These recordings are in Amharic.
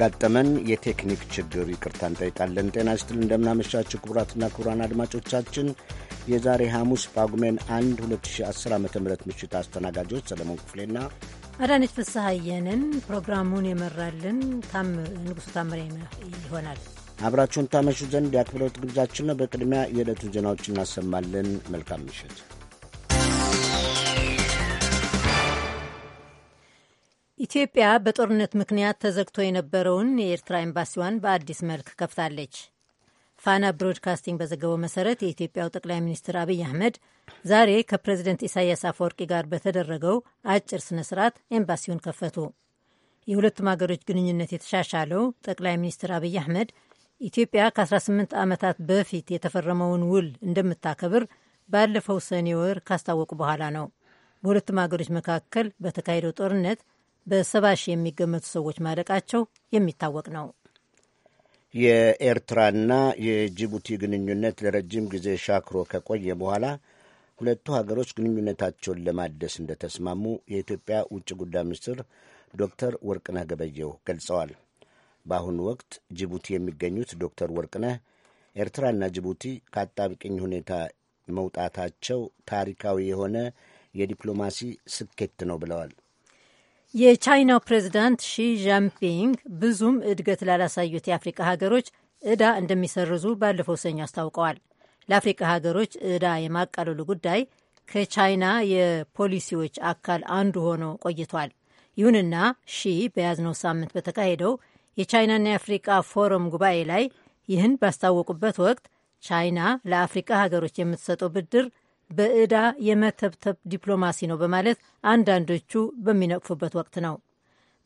ላጋጠመን የቴክኒክ ችግር ይቅርታ እንጠይቃለን። ጤና ስትል እንደምናመሻችሁ ክቡራትና ክቡራን አድማጮቻችን የዛሬ ሐሙስ ጳጉሜን 1 2010 ዓ ም ምሽት አስተናጋጆች ሰለሞን ክፍሌና አዳነች ፍስሐየንን ፕሮግራሙን የመራልን ንጉሱ ታምሬ ይሆናል። አብራችሁን ታመሹ ዘንድ የአክብሮት ግብዣችን ነው። በቅድሚያ የዕለቱ ዜናዎች እናሰማለን። መልካም ምሽት። ኢትዮጵያ በጦርነት ምክንያት ተዘግቶ የነበረውን የኤርትራ ኤምባሲዋን በአዲስ መልክ ከፍታለች። ፋና ብሮድካስቲንግ በዘገበው መሰረት የኢትዮጵያው ጠቅላይ ሚኒስትር አብይ አህመድ ዛሬ ከፕሬዚደንት ኢሳያስ አፈወርቂ ጋር በተደረገው አጭር ስነ ስርዓት ኤምባሲውን ከፈቱ። የሁለቱም ሀገሮች ግንኙነት የተሻሻለው ጠቅላይ ሚኒስትር አብይ አህመድ ኢትዮጵያ ከ18 ዓመታት በፊት የተፈረመውን ውል እንደምታከብር ባለፈው ሰኔ ወር ካስታወቁ በኋላ ነው። በሁለቱም ሀገሮች መካከል በተካሄደው ጦርነት በሰባ ሺህ የሚገመቱ ሰዎች ማለቃቸው የሚታወቅ ነው። የኤርትራና የጅቡቲ ግንኙነት ለረጅም ጊዜ ሻክሮ ከቆየ በኋላ ሁለቱ ሀገሮች ግንኙነታቸውን ለማደስ እንደተስማሙ የኢትዮጵያ ውጭ ጉዳይ ሚኒስትር ዶክተር ወርቅነህ ገበየሁ ገልጸዋል። በአሁኑ ወቅት ጅቡቲ የሚገኙት ዶክተር ወርቅነህ ኤርትራና ጅቡቲ ከአጣብቅኝ ሁኔታ መውጣታቸው ታሪካዊ የሆነ የዲፕሎማሲ ስኬት ነው ብለዋል። የቻይናው ፕሬዚዳንት ሺ ጂንፒንግ ብዙም እድገት ላላሳዩት የአፍሪቃ ሀገሮች እዳ እንደሚሰርዙ ባለፈው ሰኞ አስታውቀዋል። ለአፍሪቃ ሀገሮች እዳ የማቃለሉ ጉዳይ ከቻይና የፖሊሲዎች አካል አንዱ ሆኖ ቆይቷል። ይሁንና ሺ በያዝነው ሳምንት በተካሄደው የቻይናና የአፍሪቃ ፎረም ጉባኤ ላይ ይህን ባስታወቁበት ወቅት ቻይና ለአፍሪቃ ሀገሮች የምትሰጠው ብድር በእዳ የመተብተብ ዲፕሎማሲ ነው በማለት አንዳንዶቹ በሚነቅፉበት ወቅት ነው።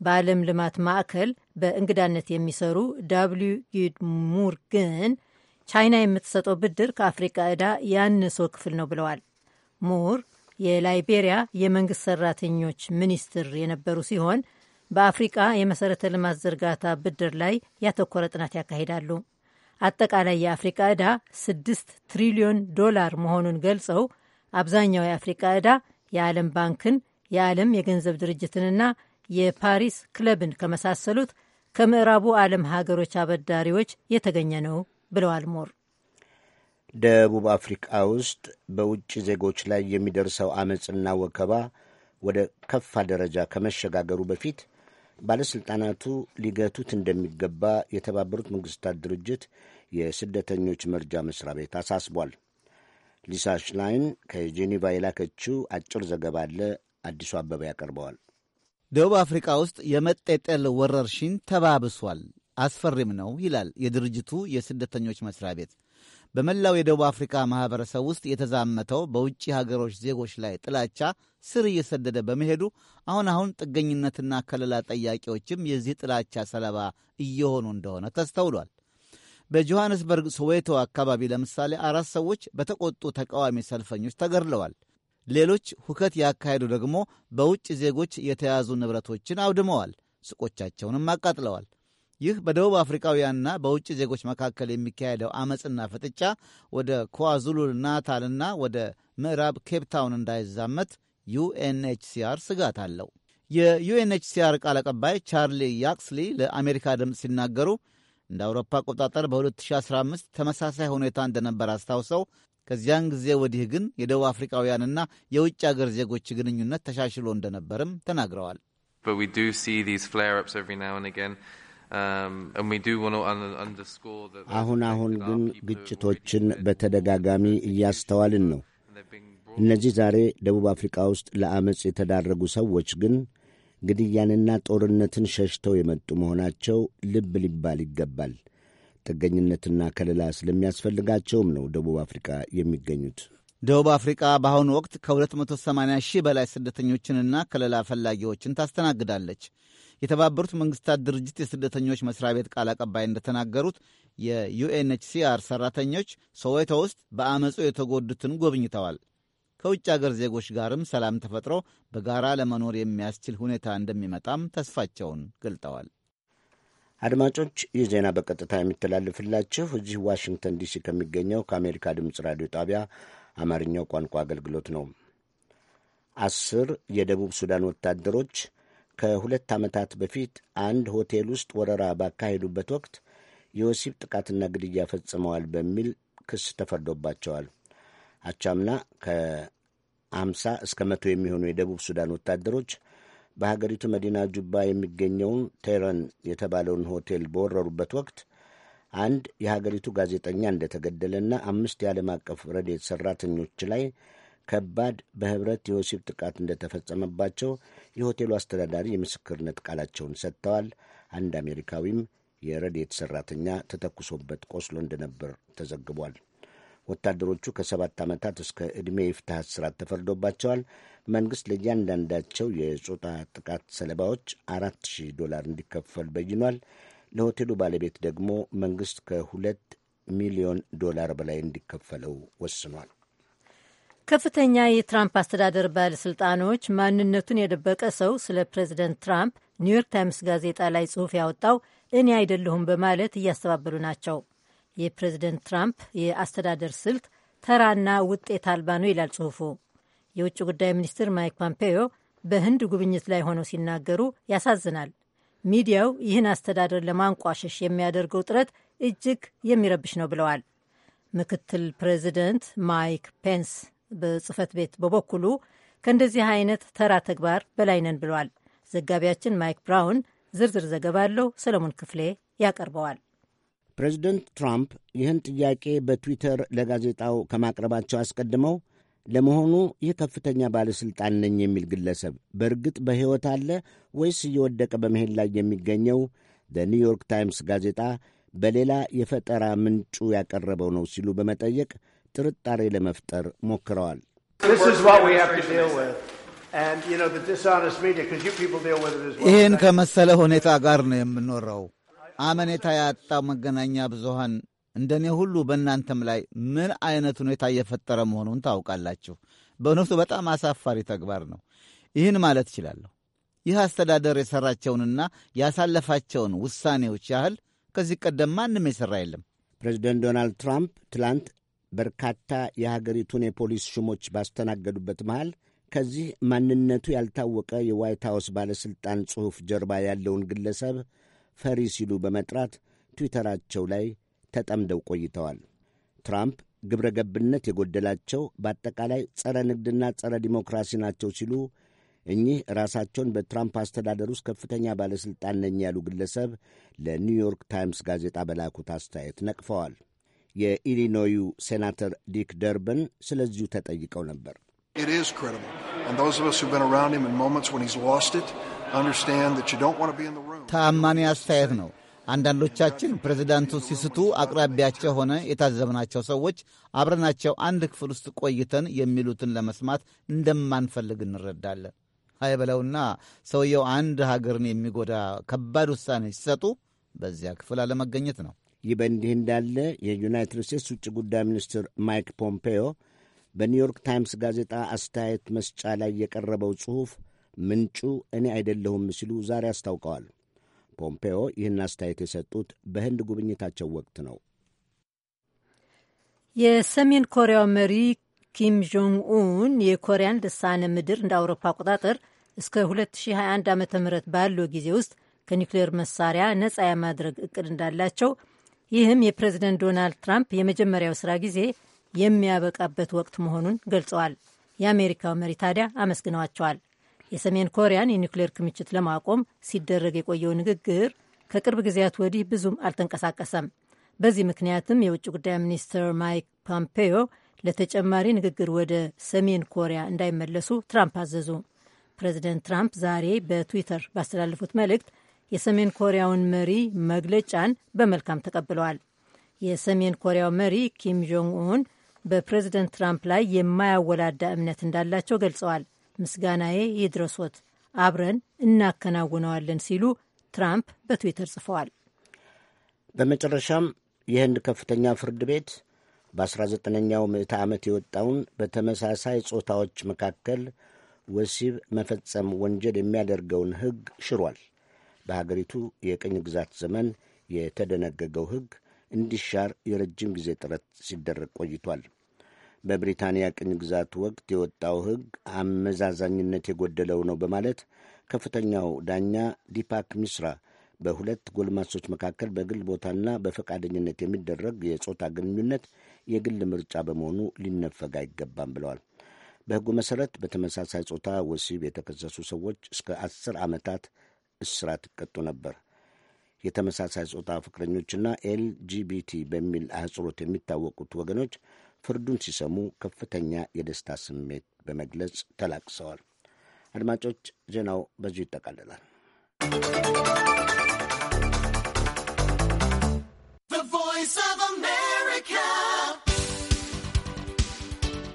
በዓለም ልማት ማዕከል በእንግዳነት የሚሰሩ ዳብሊው ጊድ ሙር ግን ቻይና የምትሰጠው ብድር ከአፍሪቃ ዕዳ ያነሰው ክፍል ነው ብለዋል። ሙር የላይቤሪያ የመንግሥት ሠራተኞች ሚኒስትር የነበሩ ሲሆን በአፍሪቃ የመሠረተ ልማት ዝርጋታ ብድር ላይ ያተኮረ ጥናት ያካሂዳሉ። አጠቃላይ የአፍሪቃ ዕዳ 6 ትሪሊዮን ዶላር መሆኑን ገልጸው አብዛኛው የአፍሪቃ ዕዳ የዓለም ባንክን የዓለም የገንዘብ ድርጅትንና የፓሪስ ክለብን ከመሳሰሉት ከምዕራቡ ዓለም ሀገሮች አበዳሪዎች የተገኘ ነው ብለዋል ሞር። ደቡብ አፍሪካ ውስጥ በውጭ ዜጎች ላይ የሚደርሰው አመፅና ወከባ ወደ ከፋ ደረጃ ከመሸጋገሩ በፊት ባለሥልጣናቱ ሊገቱት እንደሚገባ የተባበሩት መንግሥታት ድርጅት የስደተኞች መርጃ መሥሪያ ቤት አሳስቧል። ሊሳ ሽላይን ከጄኔቫ የላከችው አጭር ዘገባ አለ። አዲሱ አበባ ያቀርበዋል። ደቡብ አፍሪካ ውስጥ የመጤጠል ወረርሽኝ ተባብሷል፣ አስፈሪም ነው ይላል የድርጅቱ የስደተኞች መሥሪያ ቤት። በመላው የደቡብ አፍሪካ ማኅበረሰብ ውስጥ የተዛመተው በውጭ ሀገሮች ዜጎች ላይ ጥላቻ ስር እየሰደደ በመሄዱ አሁን አሁን ጥገኝነትና ከለላ ጠያቂዎችም የዚህ ጥላቻ ሰለባ እየሆኑ እንደሆነ ተስተውሏል። በጆሐንስበርግ ሶዌቶ አካባቢ ለምሳሌ አራት ሰዎች በተቆጡ ተቃዋሚ ሰልፈኞች ተገድለዋል። ሌሎች ሁከት ያካሄዱ ደግሞ በውጭ ዜጎች የተያዙ ንብረቶችን አውድመዋል፣ ሱቆቻቸውንም አቃጥለዋል። ይህ በደቡብ አፍሪካውያንና በውጭ ዜጎች መካከል የሚካሄደው አመፅና ፍጥጫ ወደ ኳዙሉ ናታልና ወደ ምዕራብ ኬፕታውን እንዳይዛመት ዩኤንኤችሲአር ስጋት አለው። የዩኤንኤችሲአር ቃል አቀባይ ቻርሊ ያክስሊ ለአሜሪካ ድምፅ ሲናገሩ እንደ አውሮፓ አቆጣጠር በ2015 ተመሳሳይ ሁኔታ እንደነበር አስታውሰው ከዚያን ጊዜ ወዲህ ግን የደቡብ አፍሪካውያንና የውጭ አገር ዜጎች ግንኙነት ተሻሽሎ እንደነበርም ተናግረዋል። Um, አሁን አሁን ግን ግጭቶችን በተደጋጋሚ እያስተዋልን ነው። እነዚህ ዛሬ ደቡብ አፍሪካ ውስጥ ለአመፅ የተዳረጉ ሰዎች ግን ግድያንና ጦርነትን ሸሽተው የመጡ መሆናቸው ልብ ሊባል ይገባል። ጥገኝነትና ከለላ ስለሚያስፈልጋቸውም ነው ደቡብ አፍሪካ የሚገኙት። ደቡብ አፍሪካ በአሁኑ ወቅት ከ280 ሺህ በላይ ስደተኞችንና ከለላ ፈላጊዎችን ታስተናግዳለች። የተባበሩት መንግስታት ድርጅት የስደተኞች መስሪያ ቤት ቃል አቀባይ እንደተናገሩት የዩኤንኤችሲአር ሰራተኞች ሶዌቶ ውስጥ በአመፁ የተጎዱትን ጎብኝተዋል። ከውጭ አገር ዜጎች ጋርም ሰላም ተፈጥሮ በጋራ ለመኖር የሚያስችል ሁኔታ እንደሚመጣም ተስፋቸውን ገልጠዋል። አድማጮች፣ ይህ ዜና በቀጥታ የሚተላልፍላችሁ እዚህ ዋሽንግተን ዲሲ ከሚገኘው ከአሜሪካ ድምፅ ራዲዮ ጣቢያ አማርኛው ቋንቋ አገልግሎት ነው። አስር የደቡብ ሱዳን ወታደሮች ከሁለት ዓመታት በፊት አንድ ሆቴል ውስጥ ወረራ ባካሄዱበት ወቅት የወሲብ ጥቃትና ግድያ ፈጽመዋል በሚል ክስ ተፈርዶባቸዋል። አቻምና ከአምሳ እስከ መቶ የሚሆኑ የደቡብ ሱዳን ወታደሮች በሀገሪቱ መዲና ጁባ የሚገኘውን ቴረን የተባለውን ሆቴል በወረሩበት ወቅት አንድ የሀገሪቱ ጋዜጠኛ እንደተገደለና አምስት የዓለም አቀፍ ረድኤት ሠራተኞች ላይ ከባድ በህብረት የወሲብ ጥቃት እንደተፈጸመባቸው የሆቴሉ አስተዳዳሪ የምስክርነት ቃላቸውን ሰጥተዋል። አንድ አሜሪካዊም የረድኤት ሰራተኛ ተተኩሶበት ቆስሎ እንደነበር ተዘግቧል። ወታደሮቹ ከሰባት ዓመታት እስከ ዕድሜ የፍትሕ እስራት ተፈርዶባቸዋል። መንግሥት ለእያንዳንዳቸው የጾታ ጥቃት ሰለባዎች አራት ሺህ ዶላር እንዲከፈል በይኗል። ለሆቴሉ ባለቤት ደግሞ መንግሥት ከሁለት ሚሊዮን ዶላር በላይ እንዲከፈለው ወስኗል። ከፍተኛ የትራምፕ አስተዳደር ባለሥልጣኖች ማንነቱን የደበቀ ሰው ስለ ፕሬዚደንት ትራምፕ ኒውዮርክ ታይምስ ጋዜጣ ላይ ጽሑፍ ያወጣው እኔ አይደለሁም በማለት እያስተባበሉ ናቸው። የፕሬዚደንት ትራምፕ የአስተዳደር ስልት ተራና ውጤት አልባ ነው ይላል ጽሑፉ። የውጭ ጉዳይ ሚኒስትር ማይክ ፖምፔዮ በህንድ ጉብኝት ላይ ሆነው ሲናገሩ ያሳዝናል፣ ሚዲያው ይህን አስተዳደር ለማንቋሸሽ የሚያደርገው ጥረት እጅግ የሚረብሽ ነው ብለዋል። ምክትል ፕሬዚደንት ማይክ ፔንስ በጽህፈት ቤት በበኩሉ ከእንደዚህ አይነት ተራ ተግባር በላይ ነን ብለዋል። ዘጋቢያችን ማይክ ብራውን ዝርዝር ዘገባ አለው። ሰለሞን ክፍሌ ያቀርበዋል። ፕሬዚደንት ትራምፕ ይህን ጥያቄ በትዊተር ለጋዜጣው ከማቅረባቸው አስቀድመው ለመሆኑ ይህ ከፍተኛ ባለሥልጣን ነኝ የሚል ግለሰብ በእርግጥ በሕይወት አለ ወይስ እየወደቀ በመሄድ ላይ የሚገኘው ኒውዮርክ ታይምስ ጋዜጣ በሌላ የፈጠራ ምንጩ ያቀረበው ነው ሲሉ በመጠየቅ ጥርጣሬ ለመፍጠር ሞክረዋል። ይህን ከመሰለ ሁኔታ ጋር ነው የምኖረው። አመኔታ ያጣው መገናኛ ብዙሃን እንደኔ ሁሉ በእናንተም ላይ ምን አይነት ሁኔታ እየፈጠረ መሆኑን ታውቃላችሁ። በእውነቱ በጣም አሳፋሪ ተግባር ነው። ይህን ማለት እችላለሁ። ይህ አስተዳደር የሠራቸውንና ያሳለፋቸውን ውሳኔዎች ያህል ከዚህ ቀደም ማንም የሠራ የለም። ፕሬዚደንት ዶናልድ ትራምፕ ትላንት በርካታ የሀገሪቱን የፖሊስ ሹሞች ባስተናገዱበት መሃል ከዚህ ማንነቱ ያልታወቀ የዋይት ሀውስ ባለሥልጣን ጽሑፍ ጀርባ ያለውን ግለሰብ ፈሪ ሲሉ በመጥራት ትዊተራቸው ላይ ተጠምደው ቆይተዋል። ትራምፕ ግብረ ገብነት የጎደላቸው በአጠቃላይ ጸረ ንግድና ጸረ ዲሞክራሲ ናቸው ሲሉ እኚህ ራሳቸውን በትራምፕ አስተዳደር ውስጥ ከፍተኛ ባለሥልጣን ነኝ ያሉ ግለሰብ ለኒውዮርክ ታይምስ ጋዜጣ በላኩት አስተያየት ነቅፈዋል። የኢሊኖዩ ሴናተር ዲክ ደርበን ስለዚሁ ተጠይቀው ነበር። ተአማኒ አስተያየት ነው። አንዳንዶቻችን ፕሬዚዳንቱ ሲስቱ አቅራቢያቸው ሆነ የታዘብናቸው ሰዎች አብረናቸው አንድ ክፍል ውስጥ ቆይተን የሚሉትን ለመስማት እንደማንፈልግ እንረዳለን። ሀይ በለውና ሰውየው አንድ ሀገርን የሚጎዳ ከባድ ውሳኔ ሲሰጡ በዚያ ክፍል አለመገኘት ነው። ይህ በእንዲህ እንዳለ የዩናይትድ ስቴትስ ውጭ ጉዳይ ሚኒስትር ማይክ ፖምፔዮ በኒውዮርክ ታይምስ ጋዜጣ አስተያየት መስጫ ላይ የቀረበው ጽሑፍ ምንጩ እኔ አይደለሁም ሲሉ ዛሬ አስታውቀዋል። ፖምፔዮ ይህን አስተያየት የሰጡት በህንድ ጉብኝታቸው ወቅት ነው። የሰሜን ኮሪያው መሪ ኪም ጆንግ ኡን የኮሪያን ልሳነ ምድር እንደ አውሮፓ አቆጣጠር እስከ 2021 ዓ ም ባለው ጊዜ ውስጥ ከኒውክሌር መሳሪያ ነፃ የማድረግ እቅድ እንዳላቸው ይህም የፕሬዝደንት ዶናልድ ትራምፕ የመጀመሪያው ስራ ጊዜ የሚያበቃበት ወቅት መሆኑን ገልጸዋል። የአሜሪካው መሪ ታዲያ አመስግነዋቸዋል። የሰሜን ኮሪያን የኒውክሌር ክምችት ለማቆም ሲደረግ የቆየው ንግግር ከቅርብ ጊዜያት ወዲህ ብዙም አልተንቀሳቀሰም። በዚህ ምክንያትም የውጭ ጉዳይ ሚኒስትር ማይክ ፖምፔዮ ለተጨማሪ ንግግር ወደ ሰሜን ኮሪያ እንዳይመለሱ ትራምፕ አዘዙ። ፕሬዚደንት ትራምፕ ዛሬ በትዊተር ባስተላለፉት መልእክት የሰሜን ኮሪያውን መሪ መግለጫን በመልካም ተቀብለዋል። የሰሜን ኮሪያው መሪ ኪም ጆንግ ኡን በፕሬዝደንት ትራምፕ ላይ የማያወላዳ እምነት እንዳላቸው ገልጸዋል። ምስጋናዬ ይድረሶት፣ አብረን እናከናውነዋለን ሲሉ ትራምፕ በትዊተር ጽፈዋል። በመጨረሻም የህንድ ከፍተኛ ፍርድ ቤት በ19ኛው ምዕተ ዓመት የወጣውን በተመሳሳይ ጾታዎች መካከል ወሲብ መፈጸም ወንጀል የሚያደርገውን ሕግ ሽሯል። በሀገሪቱ የቅኝ ግዛት ዘመን የተደነገገው ሕግ እንዲሻር የረጅም ጊዜ ጥረት ሲደረግ ቆይቷል። በብሪታንያ ቅኝ ግዛት ወቅት የወጣው ሕግ አመዛዛኝነት የጎደለው ነው በማለት ከፍተኛው ዳኛ ዲፓክ ሚስራ በሁለት ጎልማሶች መካከል በግል ቦታና በፈቃደኝነት የሚደረግ የጾታ ግንኙነት የግል ምርጫ በመሆኑ ሊነፈግ አይገባም ብለዋል። በሕጉ መሠረት በተመሳሳይ ጾታ ወሲብ የተከሰሱ ሰዎች እስከ አስር ዓመታት እስራት ይቀጡ ነበር። የተመሳሳይ ጾታ ፍቅረኞችና ኤልጂቢቲ በሚል አህጽሮት የሚታወቁት ወገኖች ፍርዱን ሲሰሙ ከፍተኛ የደስታ ስሜት በመግለጽ ተላቅሰዋል። አድማጮች፣ ዜናው በዚሁ ይጠቃልላል።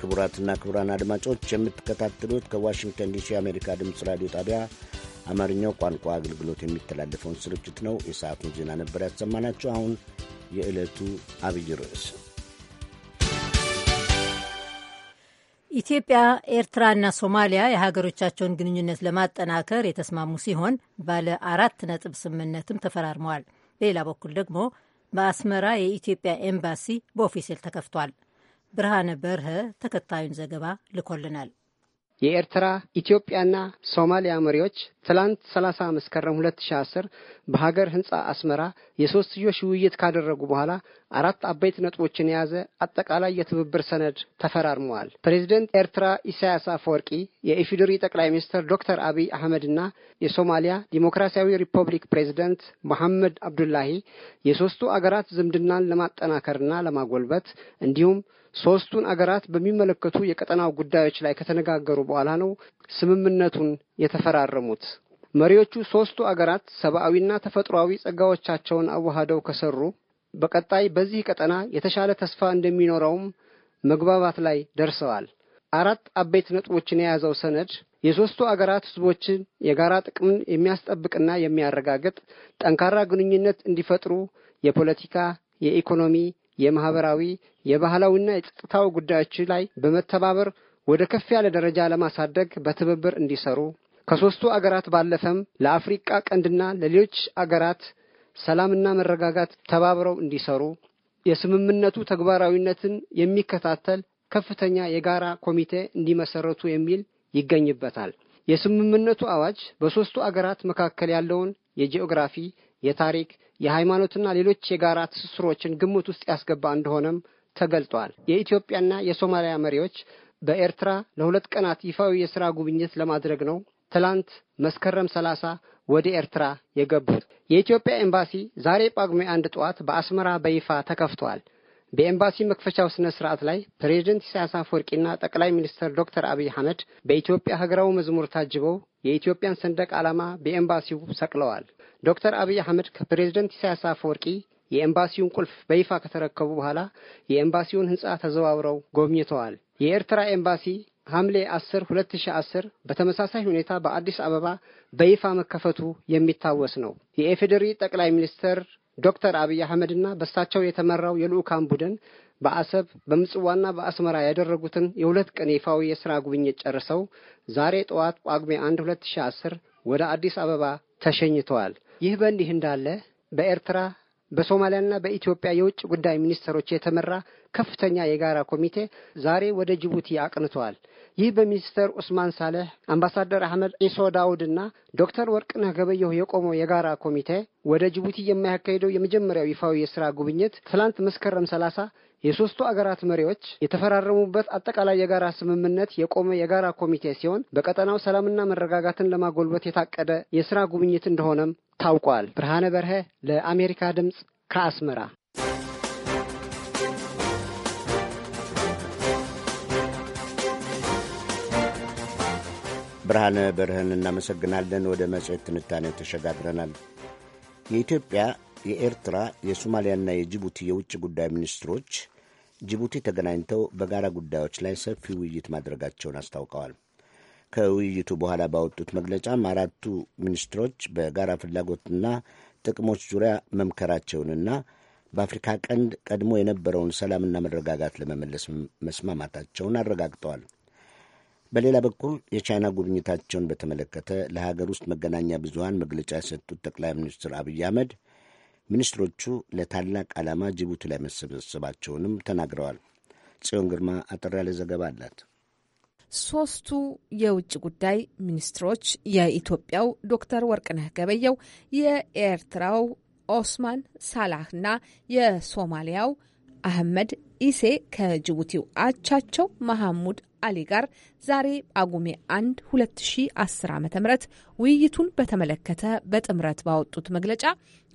ክቡራትና ክቡራን አድማጮች የምትከታተሉት ከዋሽንግተን ዲሲ የአሜሪካ ድምፅ ራዲዮ ጣቢያ አማርኛው ቋንቋ አገልግሎት የሚተላለፈውን ስርጭት ነው። የሰዓቱን ዜና ነበር ያሰማናቸው። አሁን የዕለቱ አብይ ርዕስ ኢትዮጵያ፣ ኤርትራና ሶማሊያ የሀገሮቻቸውን ግንኙነት ለማጠናከር የተስማሙ ሲሆን ባለ አራት ነጥብ ስምምነትም ተፈራርመዋል። በሌላ በኩል ደግሞ በአስመራ የኢትዮጵያ ኤምባሲ በኦፊሴል ተከፍቷል። ብርሃነ በርሀ ተከታዩን ዘገባ ልኮልናል። የኤርትራ ኢትዮጵያና ሶማሊያ መሪዎች ትላንት 30 መስከረም 2010 በሀገር ህንፃ አስመራ የሶስትዮሽ ውይይት ካደረጉ በኋላ አራት አበይት ነጥቦችን የያዘ አጠቃላይ የትብብር ሰነድ ተፈራርመዋል። ፕሬዚደንት ኤርትራ ኢሳያስ አፈወርቂ፣ የኢፌዴሪ ጠቅላይ ሚኒስትር ዶክተር አብይ አህመድና የሶማሊያ ዲሞክራሲያዊ ሪፐብሊክ ፕሬዚደንት መሐመድ አብዱላሂ የሶስቱ አገራት ዝምድናን ለማጠናከርና ለማጎልበት እንዲሁም ሶስቱን አገራት በሚመለከቱ የቀጠናው ጉዳዮች ላይ ከተነጋገሩ በኋላ ነው ስምምነቱን የተፈራረሙት። መሪዎቹ ሦስቱ አገራት ሰብአዊና ተፈጥሯዊ ጸጋዎቻቸውን አዋህደው ከሰሩ በቀጣይ በዚህ ቀጠና የተሻለ ተስፋ እንደሚኖረውም መግባባት ላይ ደርሰዋል። አራት አበይት ነጥቦችን የያዘው ሰነድ የሦስቱ አገራት ህዝቦችን የጋራ ጥቅምን የሚያስጠብቅና የሚያረጋግጥ ጠንካራ ግንኙነት እንዲፈጥሩ የፖለቲካ፣ የኢኮኖሚ፣ የማህበራዊ የባህላዊና የጸጥታው ጉዳዮች ላይ በመተባበር ወደ ከፍ ያለ ደረጃ ለማሳደግ በትብብር እንዲሰሩ ከሶስቱ አገራት ባለፈም ለአፍሪቃ ቀንድና ለሌሎች አገራት ሰላምና መረጋጋት ተባብረው እንዲሰሩ የስምምነቱ ተግባራዊነትን የሚከታተል ከፍተኛ የጋራ ኮሚቴ እንዲመሰረቱ የሚል ይገኝበታል። የስምምነቱ አዋጅ በሶስቱ አገራት መካከል ያለውን የጂኦግራፊ፣ የታሪክ የሃይማኖትና ሌሎች የጋራ ትስስሮችን ግምት ውስጥ ያስገባ እንደሆነም ተገልጧል። የኢትዮጵያና የሶማሊያ መሪዎች በኤርትራ ለሁለት ቀናት ይፋዊ የሥራ ጉብኝት ለማድረግ ነው ትላንት መስከረም ሰላሳ ወደ ኤርትራ የገቡት። የኢትዮጵያ ኤምባሲ ዛሬ ጳጉሜ አንድ ጠዋት በአስመራ በይፋ ተከፍቷል። በኤምባሲ መክፈቻው ስነ ስርዓት ላይ ፕሬዝደንት ኢሳያስ አፈወርቂና ጠቅላይ ሚኒስትር ዶክተር አብይ አህመድ በኢትዮጵያ ሀገራዊ መዝሙር ታጅበው የኢትዮጵያን ሰንደቅ ዓላማ በኤምባሲው ሰቅለዋል። ዶክተር አብይ አህመድ ከፕሬዝደንት ኢሳያስ አፈወርቂ የኤምባሲውን ቁልፍ በይፋ ከተረከቡ በኋላ የኤምባሲውን ህንፃ ተዘዋውረው ጎብኝተዋል። የኤርትራ ኤምባሲ ሐምሌ 10 2010 በተመሳሳይ ሁኔታ በአዲስ አበባ በይፋ መከፈቱ የሚታወስ ነው። የኢፌዴሪ ጠቅላይ ሚኒስትር ዶክተር አብይ አህመድና በሳቸው የተመራው የልዑካን ቡድን በአሰብ በምጽዋና በአስመራ ያደረጉትን የሁለት ቀን ይፋዊ የሥራ ጉብኝት ጨርሰው ዛሬ ጠዋት ጳጉሜ 1 2010 ወደ አዲስ አበባ ተሸኝተዋል። ይህ በእንዲህ እንዳለ በኤርትራ በሶማሊያና በኢትዮጵያ የውጭ ጉዳይ ሚኒስትሮች የተመራ ከፍተኛ የጋራ ኮሚቴ ዛሬ ወደ ጅቡቲ አቅንተዋል። ይህ በሚኒስተር ኡስማን ሳሌህ፣ አምባሳደር አህመድ ዒሶ ዳውድና ዶክተር ወርቅነህ ገበየሁ የቆመው የጋራ ኮሚቴ ወደ ጅቡቲ የማያካሂደው የመጀመሪያው ይፋዊ የስራ ጉብኝት ትላንት መስከረም ሰላሳ የሶስቱ አገራት መሪዎች የተፈራረሙበት አጠቃላይ የጋራ ስምምነት የቆመ የጋራ ኮሚቴ ሲሆን በቀጠናው ሰላምና መረጋጋትን ለማጎልበት የታቀደ የስራ ጉብኝት እንደሆነም ታውቋል። ብርሃነ በርሀ ለአሜሪካ ድምፅ ከአስመራ ብርሃነ በርህን እናመሰግናለን። ወደ መጽሔት ትንታኔ ተሸጋግረናል። የኢትዮጵያ፣ የኤርትራ፣ የሶማሊያና የጅቡቲ የውጭ ጉዳይ ሚኒስትሮች ጅቡቲ ተገናኝተው በጋራ ጉዳዮች ላይ ሰፊ ውይይት ማድረጋቸውን አስታውቀዋል። ከውይይቱ በኋላ ባወጡት መግለጫም አራቱ ሚኒስትሮች በጋራ ፍላጎትና ጥቅሞች ዙሪያ መምከራቸውንና በአፍሪካ ቀንድ ቀድሞ የነበረውን ሰላምና መረጋጋት ለመመለስ መስማማታቸውን አረጋግጠዋል። በሌላ በኩል የቻይና ጉብኝታቸውን በተመለከተ ለሀገር ውስጥ መገናኛ ብዙሃን መግለጫ የሰጡት ጠቅላይ ሚኒስትር አብይ አህመድ ሚኒስትሮቹ ለታላቅ ዓላማ ጅቡቲ ላይ መሰበሰባቸውንም ተናግረዋል። ጽዮን ግርማ አጠር ያለ ዘገባ አላት። ሶስቱ የውጭ ጉዳይ ሚኒስትሮች የኢትዮጵያው ዶክተር ወርቅነህ ገበየው፣ የኤርትራው ኦስማን ሳላህ እና የሶማሊያው አህመድ ኢሴ ከጅቡቲው አቻቸው መሐሙድ አሊ ጋር ዛሬ ጳጉሜ 1 2010 ዓ.ም ውይይቱን በተመለከተ በጥምረት ባወጡት መግለጫ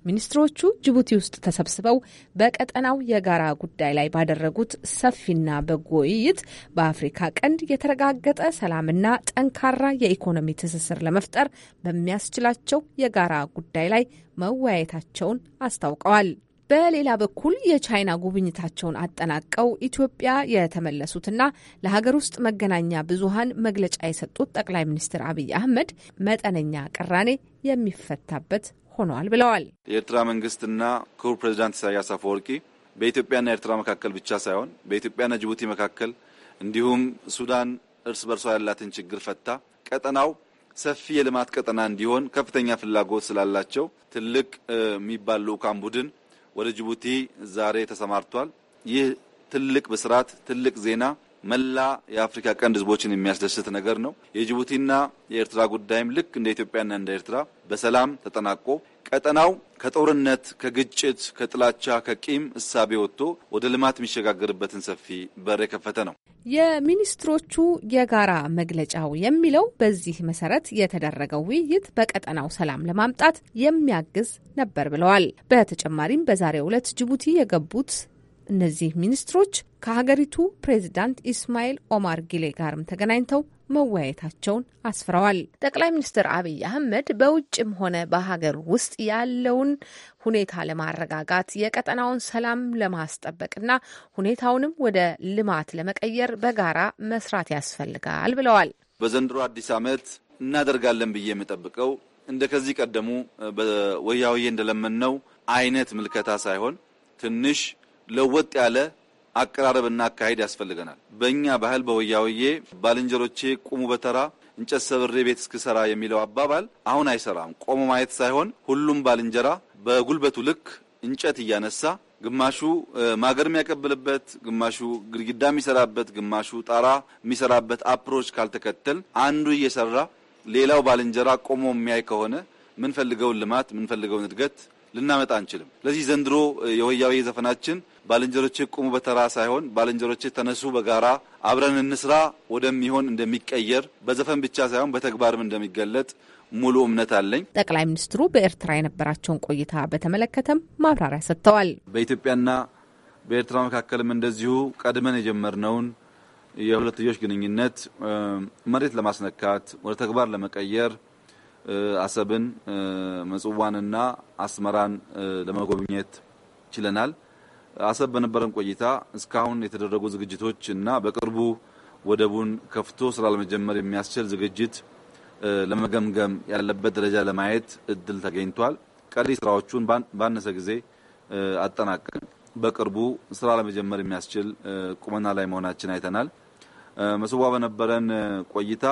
ሚኒስትሮቹ ጅቡቲ ውስጥ ተሰብስበው በቀጠናው የጋራ ጉዳይ ላይ ባደረጉት ሰፊና በጎ ውይይት በአፍሪካ ቀንድ የተረጋገጠ ሰላምና ጠንካራ የኢኮኖሚ ትስስር ለመፍጠር በሚያስችላቸው የጋራ ጉዳይ ላይ መወያየታቸውን አስታውቀዋል። በሌላ በኩል የቻይና ጉብኝታቸውን አጠናቀው ኢትዮጵያ የተመለሱትና ለሀገር ውስጥ መገናኛ ብዙኃን መግለጫ የሰጡት ጠቅላይ ሚኒስትር አብይ አህመድ መጠነኛ ቅራኔ የሚፈታበት ሆነዋል ብለዋል። የኤርትራ መንግስትና ክቡር ፕሬዚዳንት ኢሳያስ አፈወርቂ በኢትዮጵያና ኤርትራ መካከል ብቻ ሳይሆን በኢትዮጵያና ጅቡቲ መካከል እንዲሁም ሱዳን እርስ በርሷ ያላትን ችግር ፈታ ቀጠናው ሰፊ የልማት ቀጠና እንዲሆን ከፍተኛ ፍላጎት ስላላቸው ትልቅ የሚባል ልዑካን ቡድን ወደ ጅቡቲ ዛሬ ተሰማርቷል። ይህ ትልቅ ብስራት፣ ትልቅ ዜና መላ የአፍሪካ ቀንድ ህዝቦችን የሚያስደስት ነገር ነው። የጅቡቲና የኤርትራ ጉዳይም ልክ እንደ ኢትዮጵያና እንደ ኤርትራ በሰላም ተጠናቆ ቀጠናው ከጦርነት፣ ከግጭት፣ ከጥላቻ፣ ከቂም እሳቤ ወጥቶ ወደ ልማት የሚሸጋገርበትን ሰፊ በር የከፈተ ነው የሚኒስትሮቹ የጋራ መግለጫው የሚለው። በዚህ መሰረት የተደረገው ውይይት በቀጠናው ሰላም ለማምጣት የሚያግዝ ነበር ብለዋል። በተጨማሪም በዛሬው ዕለት ጅቡቲ የገቡት እነዚህ ሚኒስትሮች ከሀገሪቱ ፕሬዚዳንት ኢስማኤል ኦማር ጊሌ ጋርም ተገናኝተው መወያየታቸውን አስፍረዋል። ጠቅላይ ሚኒስትር አብይ አህመድ በውጭም ሆነ በሀገር ውስጥ ያለውን ሁኔታ ለማረጋጋት የቀጠናውን ሰላም ለማስጠበቅና ሁኔታውንም ወደ ልማት ለመቀየር በጋራ መስራት ያስፈልጋል ብለዋል። በዘንድሮ አዲስ ዓመት እናደርጋለን ብዬ የምጠብቀው እንደ ከዚህ ቀደሙ በወያውዬ እንደለመነው አይነት ምልከታ ሳይሆን ትንሽ ለወጥ ያለ አቀራረብና አካሄድ ያስፈልገናል። በእኛ ባህል በወያወዬ ባልንጀሮቼ ቁሙ በተራ እንጨት ሰብሬ ቤት እስክሰራ የሚለው አባባል አሁን አይሰራም። ቆሞ ማየት ሳይሆን ሁሉም ባልንጀራ በጉልበቱ ልክ እንጨት እያነሳ ግማሹ ማገር የሚያቀብልበት፣ ግማሹ ግድግዳ የሚሰራበት፣ ግማሹ ጣራ የሚሰራበት አፕሮች ካልተከተል አንዱ እየሰራ ሌላው ባልንጀራ ቆሞ የሚያይ ከሆነ ምንፈልገውን ልማት ምንፈልገውን እድገት ልናመጣ አንችልም። ለዚህ ዘንድሮ የወያዊ ዘፈናችን ባልንጀሮቼ ቁሙ በተራ ሳይሆን ባልንጀሮቼ ተነሱ በጋራ አብረን እንስራ ወደሚሆን እንደሚቀየር በዘፈን ብቻ ሳይሆን በተግባርም እንደሚገለጥ ሙሉ እምነት አለኝ። ጠቅላይ ሚኒስትሩ በኤርትራ የነበራቸውን ቆይታ በተመለከተም ማብራሪያ ሰጥተዋል። በኢትዮጵያና በኤርትራ መካከልም እንደዚሁ ቀድመን የጀመርነውን የሁለትዮሽ ግንኙነት መሬት ለማስነካት ወደ ተግባር ለመቀየር አሰብን፣ ምጽዋንና አስመራን ለመጎብኘት ችለናል። አሰብ በነበረን ቆይታ እስካሁን የተደረጉ ዝግጅቶች እና በቅርቡ ወደቡን ከፍቶ ስራ ለመጀመር የሚያስችል ዝግጅት ለመገምገም ያለበት ደረጃ ለማየት እድል ተገኝቷል። ቀሪ ስራዎቹን ባነሰ ጊዜ አጠናቀን በቅርቡ ስራ ለመጀመር የሚያስችል ቁመና ላይ መሆናችን አይተናል። መስዋ በነበረን ቆይታ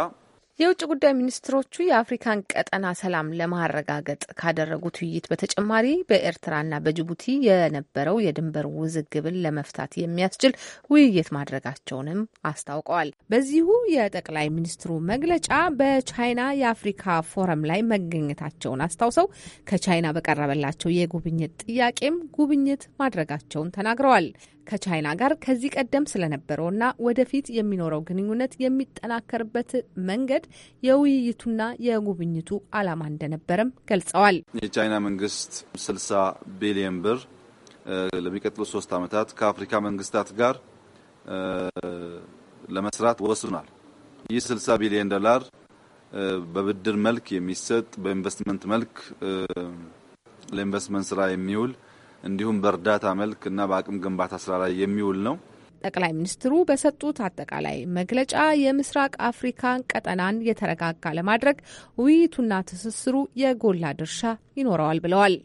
የውጭ ጉዳይ ሚኒስትሮቹ የአፍሪካን ቀጠና ሰላም ለማረጋገጥ ካደረጉት ውይይት በተጨማሪ በኤርትራና በጅቡቲ የነበረው የድንበር ውዝግብን ለመፍታት የሚያስችል ውይይት ማድረጋቸውንም አስታውቀዋል። በዚሁ የጠቅላይ ሚኒስትሩ መግለጫ በቻይና የአፍሪካ ፎረም ላይ መገኘታቸውን አስታውሰው ከቻይና በቀረበላቸው የጉብኝት ጥያቄም ጉብኝት ማድረጋቸውን ተናግረዋል። ከቻይና ጋር ከዚህ ቀደም ስለነበረውና ወደፊት የሚኖረው ግንኙነት የሚጠናከርበት መንገድ የውይይቱና የጉብኝቱ ዓላማ እንደነበረም ገልጸዋል። የቻይና መንግስት 60 ቢሊዮን ብር ለሚቀጥሉ ሶስት ዓመታት ከአፍሪካ መንግስታት ጋር ለመስራት ወስኗል። ይህ 60 ቢሊዮን ዶላር በብድር መልክ የሚሰጥ በኢንቨስትመንት መልክ ለኢንቨስትመንት ስራ የሚውል እንዲሁም በእርዳታ መልክ እና በአቅም ግንባታ ስራ ላይ የሚውል ነው። ጠቅላይ ሚኒስትሩ በሰጡት አጠቃላይ መግለጫ የምስራቅ አፍሪካን ቀጠናን የተረጋጋ ለማድረግ ውይይቱና ትስስሩ የጎላ ድርሻ ይኖረዋል ብለዋል።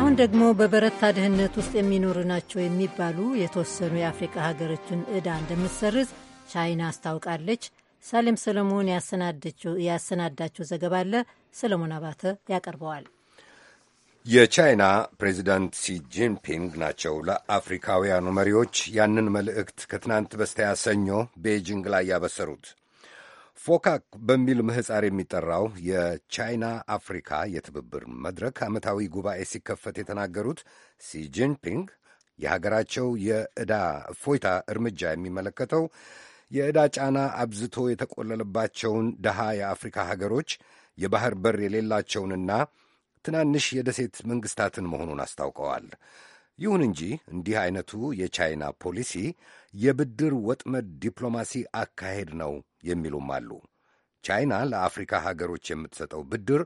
አሁን ደግሞ በበረታ ድህነት ውስጥ የሚኖሩ ናቸው የሚባሉ የተወሰኑ የአፍሪካ ሀገሮችን እዳ እንደምትሰርዝ ቻይና አስታውቃለች። ሳሌም ሰለሞን ያሰናዳችው ዘገባ አለ። ሰለሞን አባተ ያቀርበዋል። የቻይና ፕሬዚዳንት ሲጂንፒንግ ናቸው ለአፍሪካውያኑ መሪዎች ያንን መልእክት ከትናንት በስቲያ ሰኞ ቤጂንግ ላይ ያበሰሩት። ፎካክ በሚል ምህፃር የሚጠራው የቻይና አፍሪካ የትብብር መድረክ ዓመታዊ ጉባኤ ሲከፈት የተናገሩት ሲጂንፒንግ የሀገራቸው የዕዳ እፎይታ እርምጃ የሚመለከተው የዕዳ ጫና አብዝቶ የተቆለለባቸውን ድሃ የአፍሪካ ሀገሮች የባህር በር የሌላቸውንና ትናንሽ የደሴት መንግስታትን መሆኑን አስታውቀዋል። ይሁን እንጂ እንዲህ አይነቱ የቻይና ፖሊሲ የብድር ወጥመድ ዲፕሎማሲ አካሄድ ነው የሚሉም አሉ። ቻይና ለአፍሪካ ሀገሮች የምትሰጠው ብድር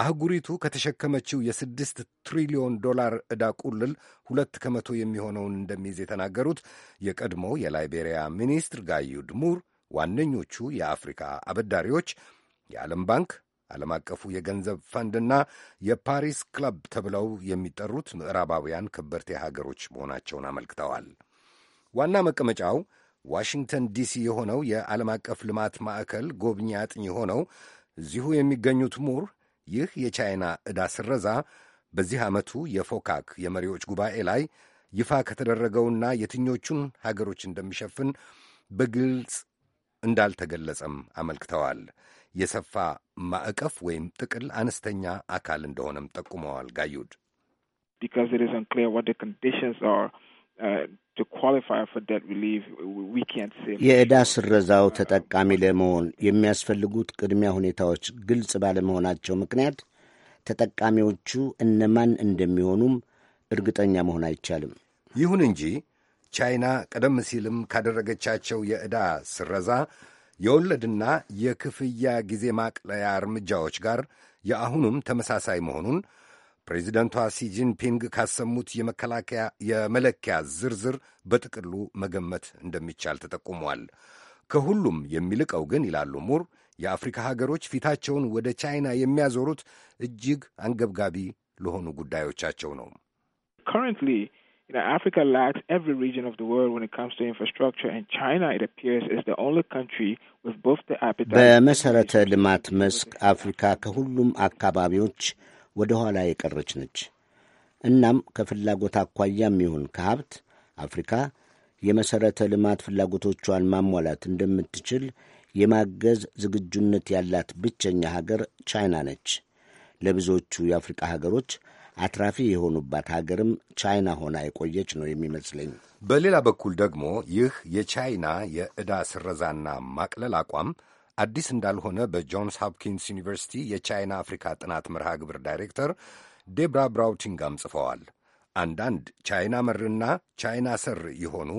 አህጉሪቱ ከተሸከመችው የስድስት ትሪሊዮን ዶላር ዕዳ ቁልል ሁለት ከመቶ የሚሆነውን እንደሚይዝ የተናገሩት የቀድሞ የላይቤሪያ ሚኒስትር ጋዩድ ሙር ዋነኞቹ የአፍሪካ አበዳሪዎች የዓለም ባንክ ዓለም አቀፉ የገንዘብ ፈንድና የፓሪስ ክለብ ተብለው የሚጠሩት ምዕራባውያን ከበርቴ ሀገሮች መሆናቸውን አመልክተዋል። ዋና መቀመጫው ዋሽንግተን ዲሲ የሆነው የዓለም አቀፍ ልማት ማዕከል ጎብኚ አጥኚ ሆነው እዚሁ የሚገኙት ሙር ይህ የቻይና ዕዳ ስረዛ በዚህ ዓመቱ የፎካክ የመሪዎች ጉባኤ ላይ ይፋ ከተደረገውና የትኞቹን ሀገሮች እንደሚሸፍን በግልጽ እንዳልተገለጸም አመልክተዋል። የሰፋ ማዕቀፍ ወይም ጥቅል አነስተኛ አካል እንደሆነም ጠቁመዋል። ጋዩድ የዕዳ ስረዛው ተጠቃሚ ለመሆን የሚያስፈልጉት ቅድሚያ ሁኔታዎች ግልጽ ባለመሆናቸው ምክንያት ተጠቃሚዎቹ እነማን እንደሚሆኑም እርግጠኛ መሆን አይቻልም። ይሁን እንጂ ቻይና ቀደም ሲልም ካደረገቻቸው የዕዳ ስረዛ የወለድና የክፍያ ጊዜ ማቅለያ እርምጃዎች ጋር የአሁኑም ተመሳሳይ መሆኑን ፕሬዚደንቷ ሲጂንፒንግ ካሰሙት የመከላከያ የመለኪያ ዝርዝር በጥቅሉ መገመት እንደሚቻል ተጠቁሟል። ከሁሉም የሚልቀው ግን ይላሉ ሙር፣ የአፍሪካ ሀገሮች ፊታቸውን ወደ ቻይና የሚያዞሩት እጅግ አንገብጋቢ ለሆኑ ጉዳዮቻቸው ነው። አፍሪካ ላክስ ኤቭሪ ሪጅን ኦፍ ዘ ወርልድ ኢት ካምስ ቱ ኢንፍራስትራክቸር ኤንድ ቻይና ኢት አፒርስ ኢዝ ዘ ኦንሊ ካንትሪ ዊዝ ቦዝ ዘ አፒታይት በመሰረተ ልማት መስክ አፍሪካ ከሁሉም አካባቢዎች ወደ ኋላ የቀረች ነች። እናም ከፍላጎት አኳያም ይሁን ከሀብት አፍሪካ የመሠረተ ልማት ፍላጎቶቿን ማሟላት እንደምትችል የማገዝ ዝግጁነት ያላት ብቸኛ ሀገር ቻይና ነች። ለብዙዎቹ የአፍሪቃ ሀገሮች አትራፊ የሆኑባት ሀገርም ቻይና ሆና የቆየች ነው የሚመስለኝ። በሌላ በኩል ደግሞ ይህ የቻይና የዕዳ ስረዛና ማቅለል አቋም አዲስ እንዳልሆነ በጆንስ ሆፕኪንስ ዩኒቨርሲቲ የቻይና አፍሪካ ጥናት መርሃ ግብር ዳይሬክተር ዴብራ ብራውቲንጋም ጽፈዋል። አንዳንድ ቻይና መርና ቻይና ሰር የሆኑ